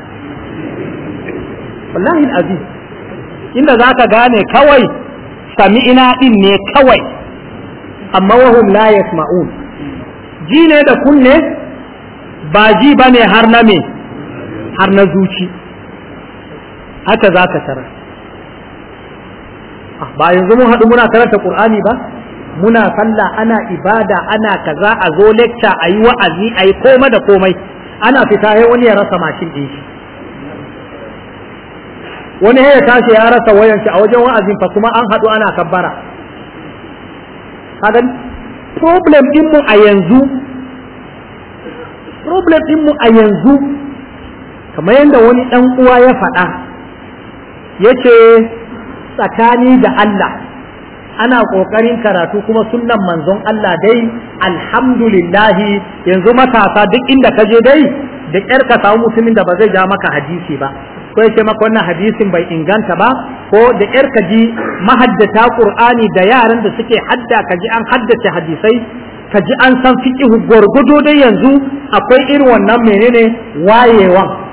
wallahi azim inda zaka gane kawai sami'ina din ne kawai amma wahum la yasma'un ji ne da kunne ba ji bane har na me har na zuci haka zaka tarar ba yanzu mun haɗu muna karanta Qur'ani ba muna sallah ana ibada ana kaza a zo lecture ayi wa'azi ayi koma da komai ana fita sai wani ya rasa mashin din shi wani ya tashi ya rasa wayan shi a wajen wa'azin fa kuma an haɗu ana kabbara kaga problem din mu a yanzu problem din mu a yanzu kamar yadda wani dan uwa ya faɗa yace tsakani da Allah ana ƙoƙarin karatu kuma sunnan manzon Allah dai alhamdulillahi yanzu matasa duk inda ka je dai da ƙyar ka samu musulmin da ba zai ja maka hadisi ba ko ya ce maka wannan hadisin bai inganta ba ko da ƙyar ka ji mahaddata Qur'ani da yaran da suke hadda ka ji an haddace hadisai ka ji an san fiqh gwargwado dai yanzu akwai irin wannan menene wayewan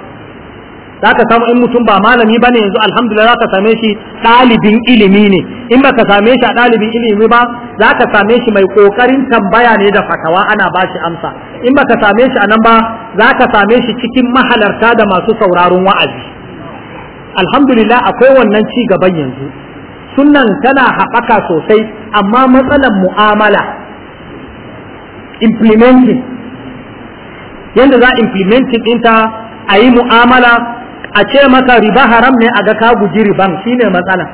za ka samu in mutum ba malami ba ne yanzu alhamdulillah za ka same shi ɗalibin ilimi ne in ba ka same shi a ɗalibin ilimi ba za ka same shi mai ƙoƙarin tambaya ne da fatawa ana ba shi amsa in ba ka same shi a nan ba za ka same shi cikin mahalarta da masu sauraron wa'azi alhamdulillah akwai wannan ci gaban yanzu sunan tana haɓaka sosai amma matsalar mu'amala implementing yadda za implementing ɗinta a yi mu'amala a ce maka riba haram ne a ga ka guji riban shine matsala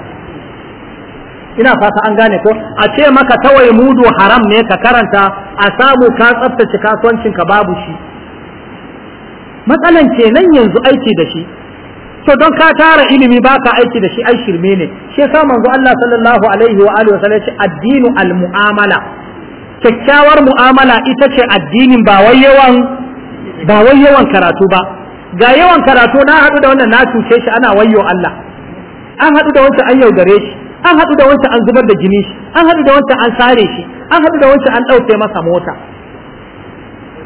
ina fata an gane ko a ce maka kawai mudu haram ne ka karanta a samu ka tsaftace kasuwancin ka babu shi matsalan kenan yanzu aiki da shi to don ka tara ilimi baka aiki da shi ai shirme ne shi yasa manzo Allah sallallahu alaihi wa alihi wasallam ya ce addinu almu'amala kyakkyawar mu'amala ita ce addinin ba wai yawan ba wai yawan karatu ba ga yawan karatu na haɗu da wannan na cuce shi ana wayyo Allah an haɗu da wancan an yaudare shi an haɗu da wancan an zubar da jini shi an haɗu da wancan an sare shi an haɗu da wancan an ɗauke masa mota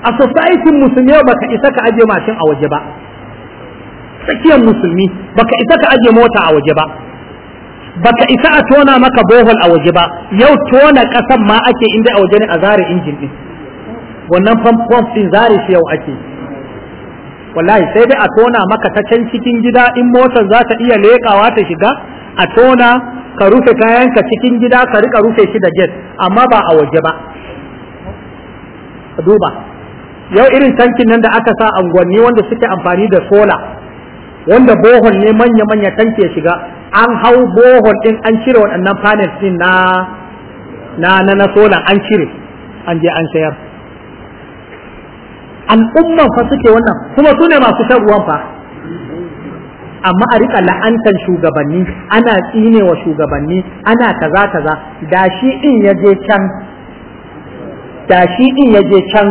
a society musulmi ba ka isa ka aje mashin a waje ba tsakiyar musulmi ba ka isa ka aje mota a waje ba ba ka isa a tona maka bohol a waje ba yau tona kasan ma ake inda a waje ne a zare injin ɗin wannan pump din zare shi yau ake yi. wallahi sai dai a tona maka ta can cikin gida in motar za ta iya lekawa ta shiga a tona ka rufe kayan ka cikin gida ka rika rufe shi da jet amma ba a waje ba duba yau irin tankin nan da aka sa angwanni wanda suke amfani da sola wanda bohon ne manya-manya tanki ya shiga an hau bohon din an cire waɗannan panels din na na na sola an cire an je an sayar al'umman fa suke wannan kuma su ne masu shan ruwan fa amma a rika la'antar shugabanni ana tsine wa shugabanni ana kaza kaza da shi in ya je can da shi in ya je can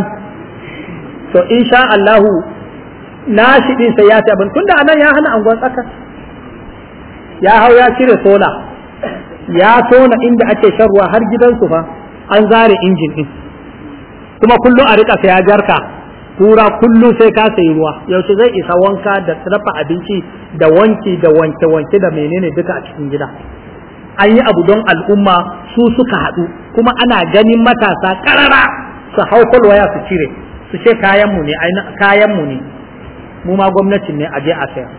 to insha Allahu na shi din sai ya ci abin tunda anan ya hana angon tsaka ya hau ya cire sola ya tona inda ake shan ruwa har gidansu fa an zare injin din kuma kullum a rika sai ya jarka kura kullum sai ka sayi ruwa yaushe zai isa wanka da dafa abinci da wanki da wanke wanke da menene duka a cikin gida an yi abu don al'umma su suka haɗu kuma ana ganin matasa karara su hau waya su cire su ce kayanmu ne kayan kayanmu ne mu ma gwamnatin ne a je a sayar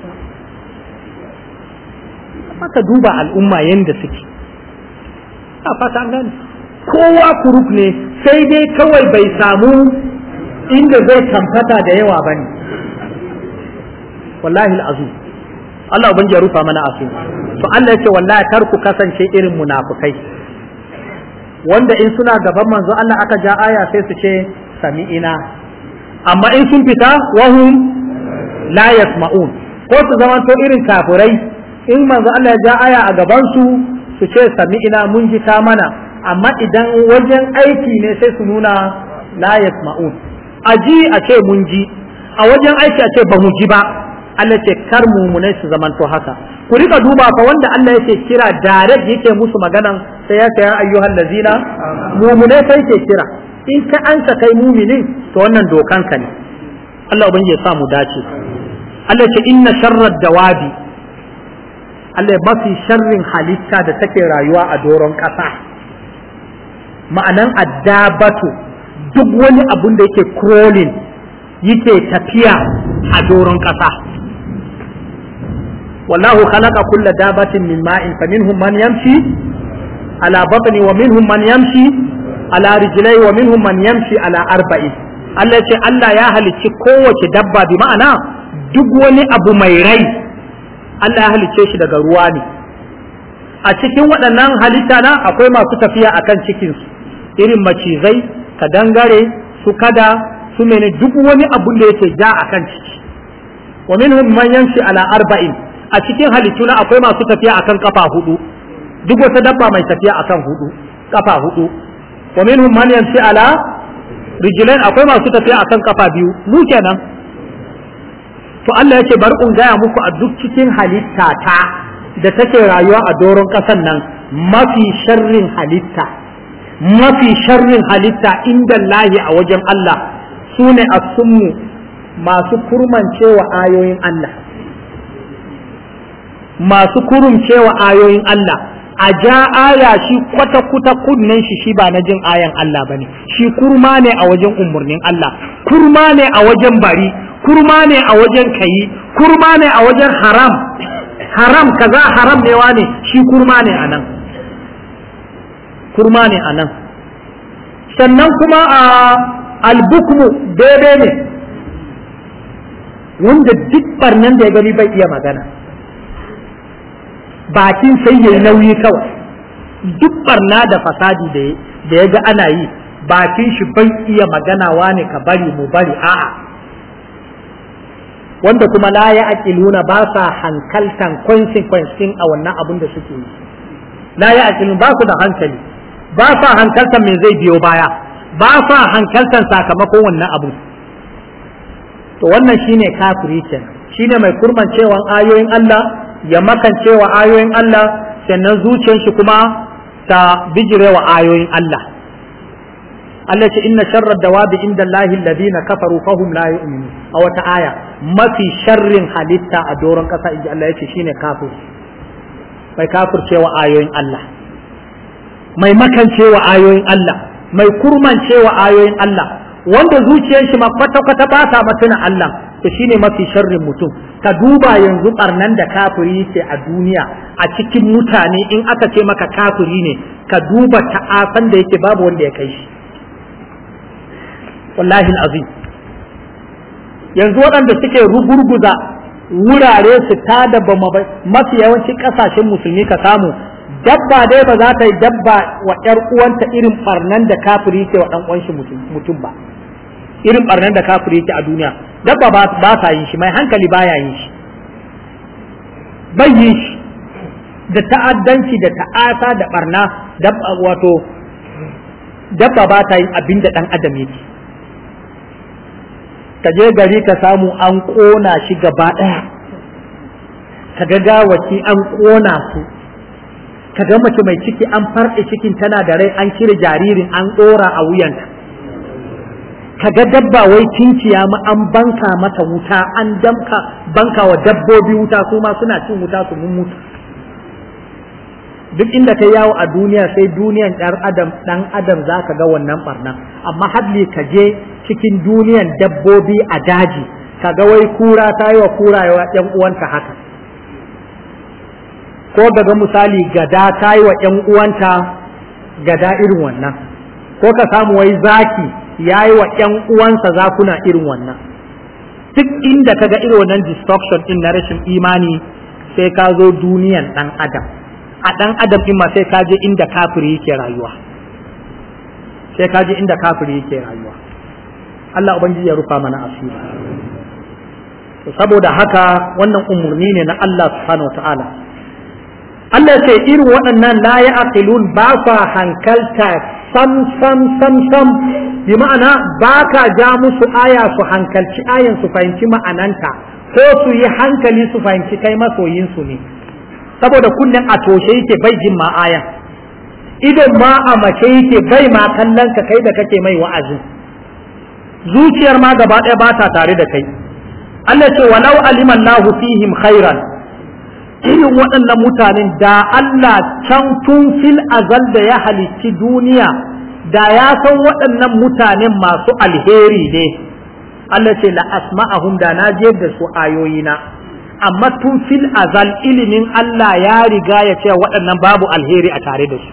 maka duba al'umma yadda suke a fata gani kowa kuruk ne sai dai kawai bai samu inda zai kamfata da yawa bane wallahi al'azu Allah ubangi ya rufa mana asu to Allah yace wallahi kar kasance irin munafukai wanda in suna gaban manzo Allah aka ja aya sai su ce sami'ina amma in sun fita wahum la yasma'un ko su zama to irin kafurai in manzo Allah ya ja aya a gaban su su ce sami'ina mun ji ta mana amma idan wajen aiki ne sai su nuna la yasma'un a a ce mun ji a wajen aiki a ce ba mu ji ba Allah ce kar mummunai su to haka ku rika duba fa wanda Allah yake kira direct yake musu maganan sai ya sayar ayyuhan lazina mummunai sai yake kira in ka ansa kai muminin to wannan dokan ka ne Allah ubangiji ya sa mu dace Allah ce inna sharrad dawabi Allah mafi sharrin halitta da take rayuwa a doron kasa ma'anan addabatu duk wani abun da yake crawling yake tafiya a doron ƙasa wallahu khalaqa kulla dabatin min ma'in faminhum man yamshi ala batni wa minhum man yamshi ala rijlai wa minhum man yamshi ala arba'in Allah ce Allah ya halicci kowace dabba bi ma'ana duk wani abu mai rai Allah ya halicce shi daga ruwa ne a cikin waɗannan halitta na akwai masu tafiya akan cikinsu irin macizai ka dangare su kada su mene duk wani abun da yake ja a kan ciki wa minhum man yamshi ala arba'in a cikin halittu na akwai masu tafiya akan kafa hudu duk wata dabba mai tafiya akan hudu kafa hudu wa minhum man yamshi ala rijilain akwai masu tafiya akan kafa biyu mu kenan to Allah yake bar in gaya muku a duk cikin halitta ta da take rayuwa a doron kasan nan mafi sharrin halitta mafi sharrin halitta inda lahi a wajen Allah su ne a sunmu masu kurmancewa ayoyin Allah masu kurumcewa ayoyin Allah a ja aya shi kwata-kwata kunnen shi shi ba na jin ayan Allah ba ne shi kurma ne a wajen umarnin Allah kurma ne a wajen bari kurma ne a wajen kayi kurma ne a wajen haram haram kaza haram ne wa ne shi kurma ne a nan kurma ne a nan sannan kuma a albukmu daidai ne wanda duk barnan da ya gani bai iya magana bakin sai ya yi nauyi kawai duk barna da fasadi da ya ga ana yi bakin shi bai iya magana ne ka bari mu bari a'a wanda kuma la ya aqiluna ba sa hankaltan kwansin a wannan abin da suke yi la ya aƙilun ba ku da hankali ba sa hankaltan me zai biyo baya ba sa hankaltan sakamakon wannan abu to wannan shine kafiri kenan shine mai kurmancewan ayoyin Allah ya makancewa ayoyin Allah sannan zuciyar shi kuma ta bijirewa ayoyin Allah Allah ce inna sharra dawabi inda Allahi alladhina kafaru fahum la yu'minu a wata aya mafi sharrin halitta a doron kasa inji Allah yace shine kafir mai kafurcewa ayoyin Allah mai makancewa ayoyin Allah mai kurmancewa ayoyin Allah wanda zuciyar shi ma kwata kwata ba ta matuna Allah to shine mafi sharrin mutum ka duba yanzu barnan da kafiri ce a duniya a cikin mutane in aka ce maka kafiri ne ka duba ta'asan da yake babu wanda ya kai shi wallahi azim yanzu waɗanda suke rugurguza wurare su tada ba mafi yawancin ƙasashen musulmi ka samu dabba dai ba za ta yi dabba wa ƴar uwanta irin barnan da kafiri ke wa ɗan mutum ba irin barnan da kafiri ke a duniya dabba ba sa yin shi mai hankali baya yin shi bai yin shi da ta'addanci da ta'asa da barna dabba wato dabba ba ta yin abin da ɗan adam yake ka je gari ka samu an ƙona shi gaba ɗaya ka ga gawaki an ƙona su ka ga mace mai ciki an farɗe cikin tana da rai an cire jaririn an ɗora a wuyanta ka ga dabba wai cinciya ma an banka mata wuta an damka banka wa dabbobi wuta su ma suna cin wuta su mutu duk inda ka yawo a duniya sai duniyan ɗan adam ɗan adam za ka ga wannan ɓarna amma hadli ka je cikin duniyan dabbobi a daji ka ga wai kura ta yi wa kura yawa ‘yan uwanta haka ko daga misali gada ta yi wa ‘yan uwanta gada irin wannan ko ka samu wai zaki ya yi wa ‘yan uwansa zakuna irin wannan duk inda ka ga irin wannan destruction in na rashin imani sai ka zo duniyan ɗan adam a ɗan adam in ma sai ka je inda kafiri yake rayuwa sai ka je inda kafiri yake rayuwa Allah ubangiji ya rufa mana asiri saboda haka wannan umarni ne na Allah subhanahu ta'ala Allah ce irin waɗannan la ya aqilun ba sa hankalta sam sam sam sam bi ma'ana ba ka ja musu aya su hankalci ayan su fahimci ma'ananta ko su yi hankali su fahimci kai masoyin su ne saboda kunnen a toshe yake bai jin ma idan idon ma a mace yake bai ma kallon ka kai da kake mai wa'azi zuciyar ma gaba ɗaya ba ta tare da kai Allah ce walau aliman lahu fihim khairan irin waɗannan mutanen da Allah can tun fil azal da ya halicci duniya da ya san waɗannan mutanen masu alheri ne Allah ce la asma'ahum da na je da su ayoyina amma tun fil azal ilimin Allah ya riga ya ce waɗannan babu alheri a tare da su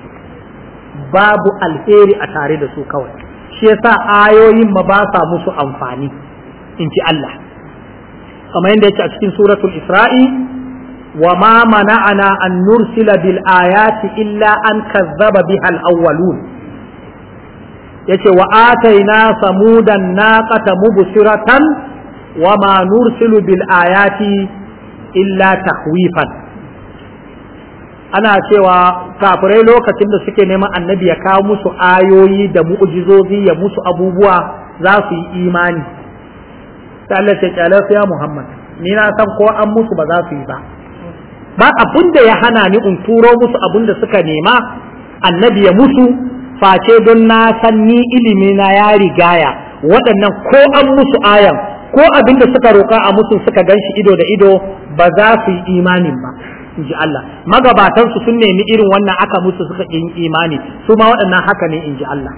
babu alheri a tare da su kawai shi yasa ayoyin ma ba sa musu amfani in ji Allah kamar yadda yake a cikin suratul Isra'i wa ma mana'ana an nursila bil ayati illa an kazzaba biha al yace wa'atai na samudan naqata mubsiratan wa ma nursilu bil ayati illa tahwifan ana cewa kafurai lokacin da suke neman annabi ya kawo musu ayoyi da mu'jizozi ya musu abubuwa za su yi imani sai Allah ya ya Muhammad ni na san ko an musu ba za su yi ba ba abun da ya hana ni in turo musu abun da suka nema annabi ya musu face don na san ni ilimi na ya rigaya waɗannan ko an musu ayan ko abin da suka roƙa a musu suka gan ido da ido ba za su yi imanin ba inji Allah magabatan su sun nemi irin wannan aka musu suka yi imani su ma waɗannan haka ne inji Allah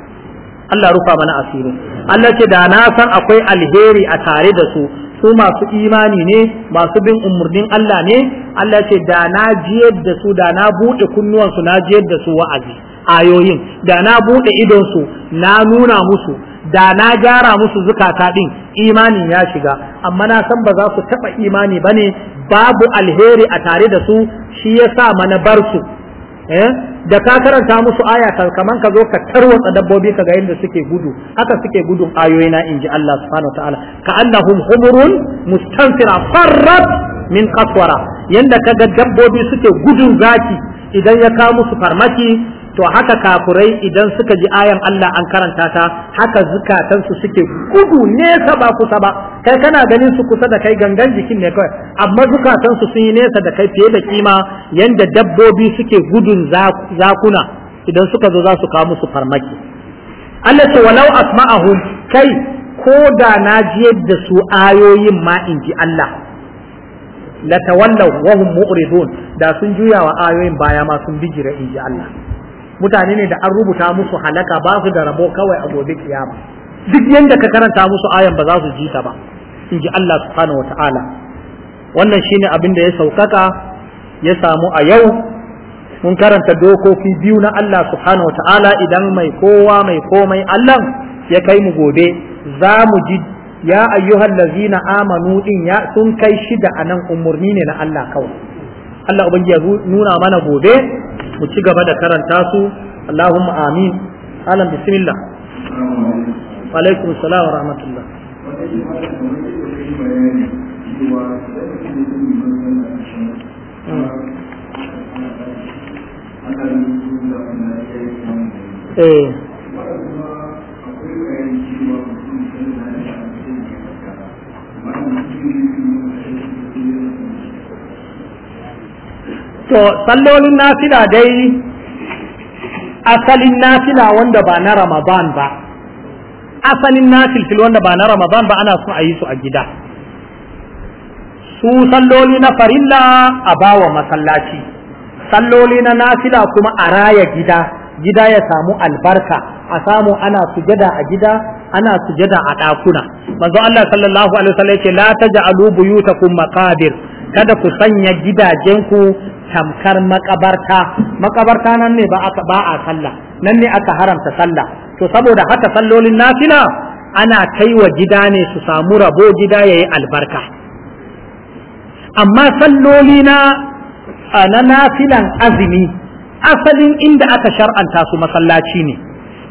Allah rufa mana asiri Allah ce da na san akwai alheri a tare da su su masu imani ne masu bin umarnin Allah ne Allah ce da na jiyar da su da na buɗe kunnuwansu na jiyar da su wa'azi ayoyin da na buɗe idonsu na nuna musu da na gyara musu zukata ɗin imani ya shiga amma na san ba za su taɓa imani ba ne babu alheri a tare da su shi ya sa mana bar su Eh? da ka karanta musu aya kaman ka zo ka tarwatsa dabbobi ka ga yadda suke gudu haka suke gudun ayoyi na inji Allah subhanahu wataala ka annahum humurun mustansira farrat min qaswara yanda kaga dabbobi suke gudun zaki idan ya kawo musu farmaki to haka kafurai idan suka ji ayan Allah an karanta ta haka zukatansu suke gudu nesa ba kusa ba kai kana ganin su kusa da kai gangan jikin ne kawai amma zukatansu sun yi nesa da kai fiye da kima yanda dabbobi suke gudun zakuna idan suka zo za su kawo musu farmaki Allah ce walau asma'ahum kai ko da na ji yadda su ayoyin ma in ji Allah la tawallaw wa hum mu'ridun da sun juya wa ayoyin baya ma sun bijira in ji Allah mutane ne da an rubuta musu halaka ba su da rabo kawai a gobe kiyama duk yanda ka karanta musu ayan ba za su ji ta ba in ji Allah subhanahu wata'ala wannan shine abin da ya saukaka ya samu a yau mun karanta dokoki biyu na Allah subhanahu wata'ala idan mai kowa mai komai Allah ya kai mu gobe za mu ji ya ayyuhal lazina amanu din ya sun kai shida anan umurni ne na Allah kawai Allah ubangi ya nuna mana gobe mu ci gaba da karanta su Allahumma amin alam bismillah wa alaikum salam wa rahmatullah eh to sallolin nafila dai asalin nafila wanda ba na ramadan ba asalin nafilfil wanda ba na ramadan ba ana so a yi su a gida su salloli na farilla a bawa masallaci salloli na nafila kuma a raya gida gida ya samu albarka a samu ana sujada a gida ana sujada a ɗakuna manzo Allah sallallahu alaihi wasallam yake la taj'alu buyutakum maqabir kada ku sanya gidajenku tamkar makabarta makabarta nan ne ba a sallah nan ne aka haramta sallah to saboda haka sallolin nafila ana kai wa gida ne su samu rabo gida yayi albarka amma salloli na na nafilan azumi asalin inda aka shar'anta su masallaci ne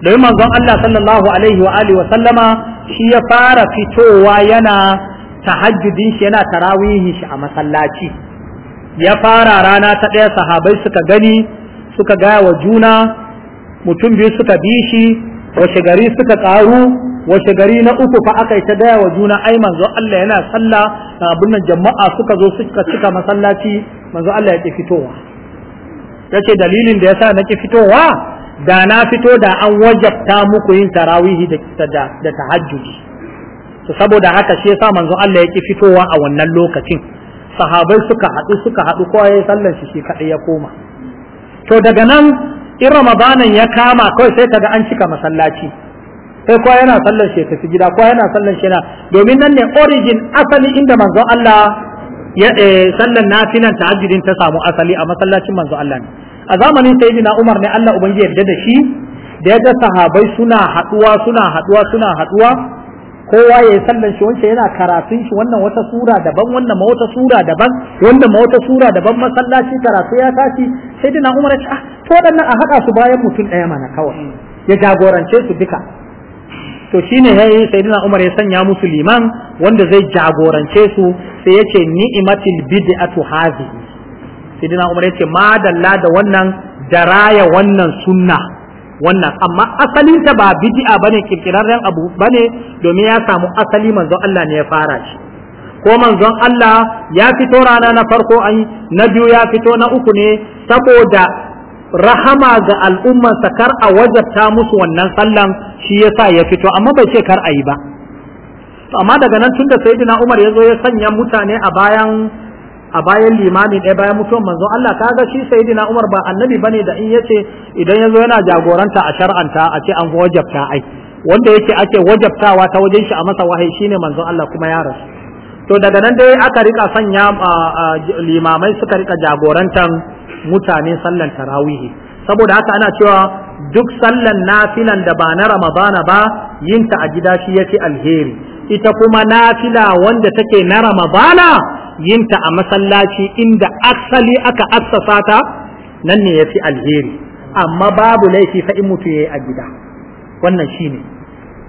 domin manzon Allah sallallahu alaihi wa alihi wa sallama shi ya fara fitowa yana tahajjudin shi yana tarawihin shi a masallaci ya fara rana ta ɗaya sahabai suka gani suka gaya wa juna mutum biyu suka bi shi washe gari suka ƙaru washe gari na uku fa aka yi ta gaya wa juna ai manzo Allah yana sallah abin nan jama'a suka zo suka cika masallaci manzo Allah ya ƙi fitowa yace dalilin da yasa ƙi fitowa da na fito da an wajabta muku yin tarawihi da da saboda haka shi yasa manzo Allah ya ki fitowa a wannan lokacin sahabai suka haɗu suka haɗu kowa ya sallar shi shi kaɗai ya koma to daga nan in ramadanan ya kama kawai sai kaga an cika masallaci sai kowa yana sallar shi tafi gida kowa yana sallar shi na domin nan ne origin asali inda manzon Allah ya eh, sallar nafilan tahajjudin ta samu asali a masallacin manzon Allah ne a zamanin sayyidina Umar ne Allah ubangiji yarda da shi da ya ga sahabai suna haɗuwa suna haɗuwa suna haɗuwa kowa ya yi sallan shi wancan yana karatun shi wannan wata sura daban wannan ma wata sura daban wannan ma wata sura daban masallaci karatu ya tashi sai dina umar ya ce ah to waɗannan a haɗa su bayan mutum ɗaya mana kawai hmm. ya jagorance su duka to shine yayi sayyidina Umar ya sanya musu liman wanda zai jagorance su sai yace ni'matil bid'atu sai sayyidina Umar yace dalla da wannan daraya wannan sunna wannan amma asalin ta ba bid'a bane kirkirarren abu bane domin ya samu asali manzon Allah ne ya fara shi ko manzon Allah ya fito rana na farko an na biyu ya fito na uku ne saboda rahama ga al'umman kar a wajabta musu wannan sallan shi yasa ya fito amma bai ce kar a yi ba amma daga nan tunda sayyidina Umar ya zo ya sanya mutane a bayan a bayan limami ɗaya bayan mutuwan manzon Allah kaga shi sayyidina Umar ba annabi bane da in yace idan yazo yana jagoranta a shar'anta a ce an wajabta ai wanda yake ake wajabtawa ta wajen shi a masa wahayi shine manzon Allah kuma ya rasu to daga nan dai aka rika sanya limamai suka rika jagorantan mutane sallan tarawihi saboda haka ana cewa duk sallan nafilan da ba na ramadana ba yinta a gida shi yafi alheri ita kuma nafila wanda take na ramadana yinta a masallaci inda asali aka assasa ta nan ne yafi alheri amma babu laifi fa in mutu yayi a gida wannan shine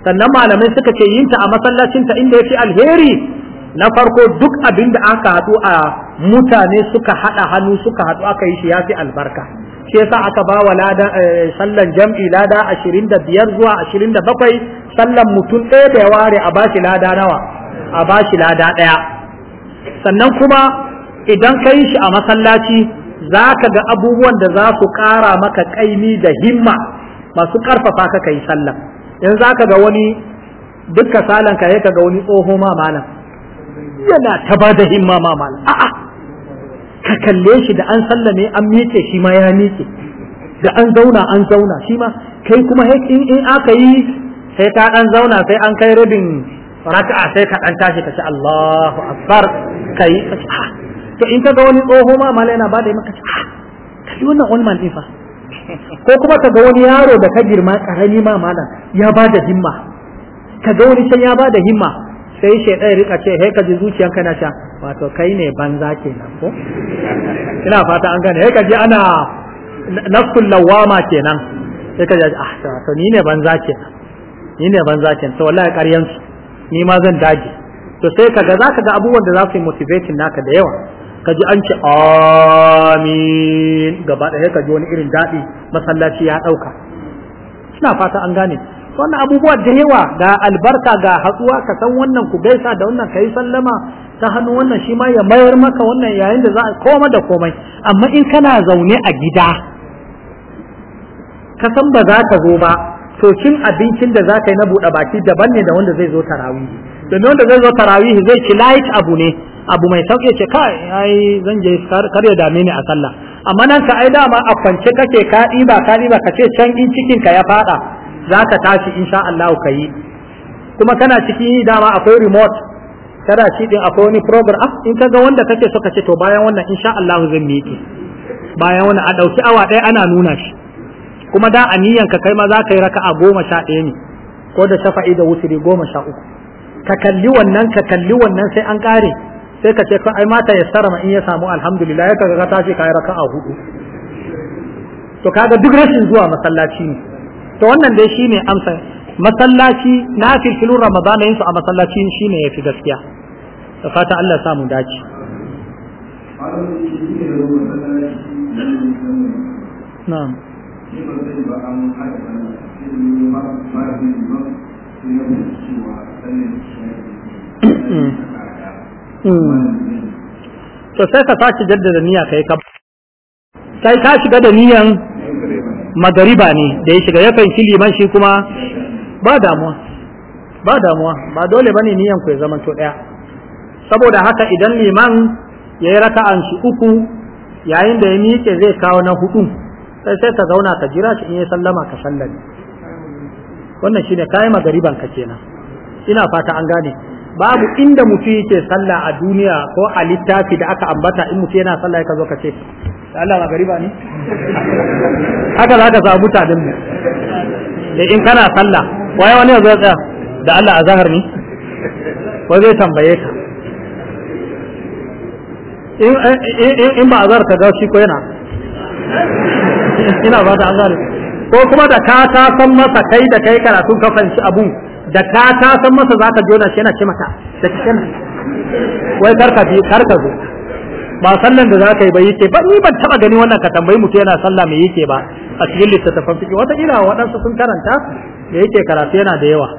sannan malamai suka ce yinta a masallacinta inda yafi alheri na farko duk abin da aka haɗu a mutane suka haɗa hannu suka haɗu aka yi shi yafi albarka shi yasa aka ba wa lada eh, sallan jam'i lada 25 zuwa 27 sallan mutum ɗaya da ya ware a bashi lada nawa a bashi lada ɗaya sannan kuma idan ka yi shi a masallaci za ka ga abubuwan da za su ƙara maka ƙaimi da himma masu ƙarfafa ka ka yi sallah in za ka ga wani dukka salan ka ka ga wani tsoho ma malam yana ta ba da himma ma malam a'a ka kalle shi da an sallame an miƙe shi ma ya miƙe da an zauna an zauna shi ma kai kuma in aka yi sai ka ɗan zauna sai an kai rabin raka'a sai ka dan tashi ka ce Allahu akbar kai ka ce ah. to in ka ga wani tsoho ma mala yana ba da maka ce ah. kai wannan old man din fa ko kuma ka ga wani yaro da ka girma karami ma malam ya ba da himma ka ga wani sai ya ba da himma sai shi ya rika ce he ka ji zuciyanka na sha wato kai ne banza kenan ko ina fata an gane he ka ji ana nafsul lawama kenan sai ka ji ah to ni ne banza kenan ni ne banza kenan to wallahi ƙaryansu ni ma zan dage to sai kaga za ka ga abubuwan da za su yi motivating naka da yawa ka ji an ce amin gaba ɗaya ka ji wani irin daɗi masallaci ya ɗauka ina fata an gane wannan abubuwa da yawa ga albarka ga hatsuwa ka san wannan ku gaisa da wannan kai sallama ta hannu wannan shi ma ya mayar maka wannan yayin da za a koma da komai amma in kana zaune a gida ka san ba za ka zo ba to cin abincin da za ka yi na buɗe baki daban ne da wanda zai zo tarawihi domin wanda zai zo tarawihi zai ci light abu ne abu mai sauƙi ce kai ai zan je kar ya dame ni a sallah amma nan ka ai dama a kwance kake ka ɗiba ka ɗiba ka ce can in cikin ka ya faɗa za ka tashi insha Allah ka yi kuma kana ciki dama akwai remote Kada shi din akwai wani program ah in ka ga wanda kake so ka ce to bayan wannan insha Allah zan miƙe bayan wannan a ɗauki awa ɗaya ana nuna shi kuma da a ka kai ma za ka yi raka'a goma sha ɗaya ne ko da shafa'i da ne goma sha uku ka kalli wannan ka kalli wannan sai an ƙare sai ka ce ai mata ya ma in ya samu alhamdulillah ya kaga ka tashi ka yi raka'a hudu to kaga duk rashin zuwa masallaci ne to wannan dai shine amsa masallaci na filfilun ramadana yin su a masallaci shine yafi gaskiya da fata Allah samu dace na'am Mm. to sai ka sake jaddada niyya kai ka kai ka shiga da niyan magariba ne da ya shiga ya shi liman shi kuma ba damuwa ba damuwa ba dole bane niyan ku ya zama to daya saboda haka idan liman ya yi raka'an shi uku yayin da ya miƙe zai kawo na hudu sai sai ka zauna ka jira shi in ya sallama ka sallame wannan shine kai magariban ka kenan ina fata an gane babu inda mutum yake sallah a duniya ko a littafi da aka ambata in mutum yana sallah ya zo ka ce Allah magariba ne haka za ka samu mutanen mu in kana sallah waye wani ya zo tsaya da Allah a zahar ne ko zai tambaye ka in ba a ka ga shi ko yana ina ba da an ko kuma da ka ta san masa kai da kai karatu ka fanci abu da ka ta san masa zaka jona shi yana ce maka da kishin wai karka bi karka zo ba sallan da zaka yi ba yake ba ni ban taba gani wannan ka tambayi mutu yana sallah me yake ba a cikin littattafan fiqh wata kila waɗansu sun karanta da yake karatu yana da yawa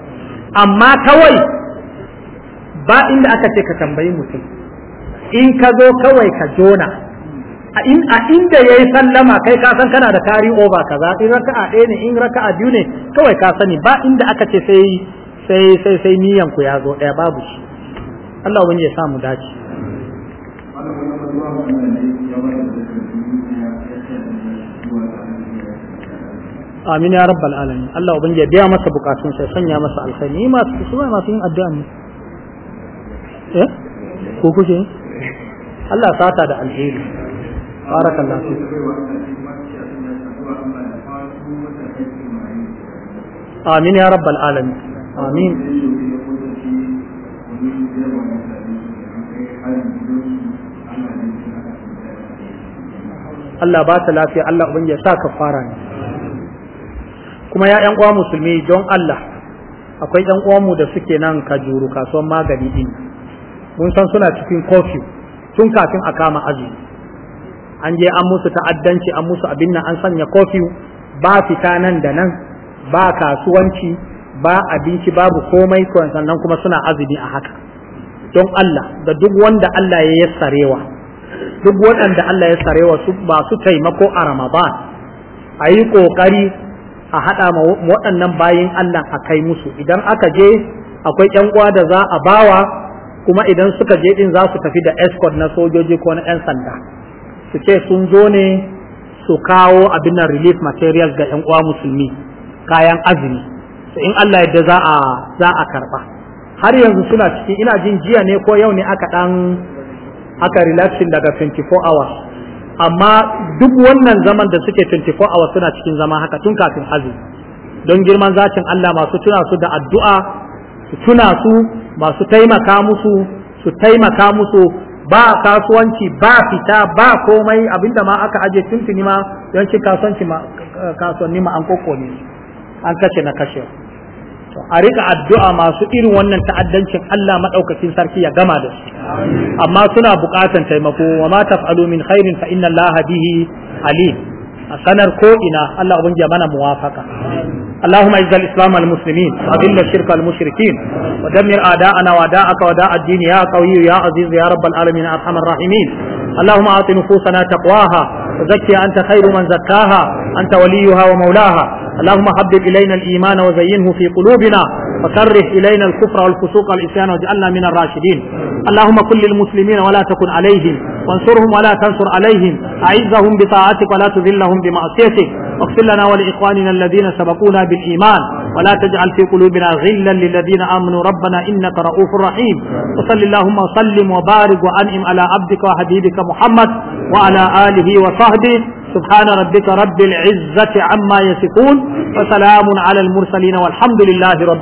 amma kawai ba inda aka ce ka tambayi mutum in ka zo kawai ka jona a inda ya yi sallama kai ka san kana da kari over kaza in raka'a ɗaya ne in raka'a biyu ne kawai ka sani ba inda aka ce sai sai sai sai niyan ku ya zo ɗaya babu shi Allah wani ya samu dace amin ya rabbal alamin Allah ubangiji ya biya masa bukatun sai sanya masa alkhairi masu su masu yin addu'a ne eh ko kuke Allah sata da alheri الله فيك amin ya rabbal alamin amin Allah ba ta lafiya Allah ubangiji ya sa ka fara ne kuma ya uwa musulmi don Allah akwai ɗan uwanmu da suke nan kajuru kasuwan magani din mun san suna cikin kofi tun kafin a kama azumi an je an musu ta'addanci an musu abin nan an sanya kofi ba fita nan da nan ba kasuwanci ba abinci babu komai sannan kuma suna azumi a haka don Allah da duk wanda Allah ya yassarewa duk waɗanda Allah ya sarewa su masu taimako a Ramadan a yi ƙoƙari a haɗa waɗannan bayin Allah a kai musu idan aka je akwai ƴan uwa da za a bawa kuma idan suka je din za su tafi da escort na sojoji ko na 'yan sanda su ce sun zo ne su kawo abin relief materials ga 'yan uwa musulmi kayan azumi Sai in Allah yadda za a za a karba har yanzu suna ciki ina jin jiya ne ko yau ne aka dan aka relaxing daga 24 hours amma duk wannan zaman da suke 24 hours suna cikin zama haka tun kafin azumi don girman zakin, Allah masu tuna su da addu'a su tuna su masu taimaka musu su taimaka musu ba kasuwanci ba fita ba komai abinda ma aka aje tuntuni ma yawanci kasuwanci ma kasuwanni ma an kokone an kashe na kashe to a rika addu'a masu irin wannan ta'addancin Allah madaukakin sarki ya gama da su amma suna buƙatan taimako wa ma taf'alu min khairin fa inna Allah bihi alim sanar ko ina Allah ubangiji ya mana muwafaka اللهم اعز الاسلام والمسلمين واذل الشرك والمشركين ودمر اعداءنا واعداءك واعداء الدين يا قوي يا عزيز يا رب العالمين ارحم الراحمين اللهم اعط نفوسنا تقواها وزكها انت خير من زكاها انت وليها ومولاها اللهم حبب الينا الايمان وزينه في قلوبنا فكره إلينا الكفر والفسوق والعصيان واجعلنا من الراشدين اللهم كن للمسلمين ولا تكن عليهم وانصرهم ولا تنصر عليهم أعزهم بطاعتك ولا تذلهم بمعصيتك واغفر لنا ولإخواننا الذين سبقونا بالإيمان ولا تجعل في قلوبنا غلا للذين آمنوا ربنا إنك رؤوف رحيم وصل اللهم وسلم وبارك وأنعم على عبدك وحبيبك محمد وعلى آله وصحبه سبحان ربك رب العزة عما يصفون وسلام على المرسلين والحمد لله رب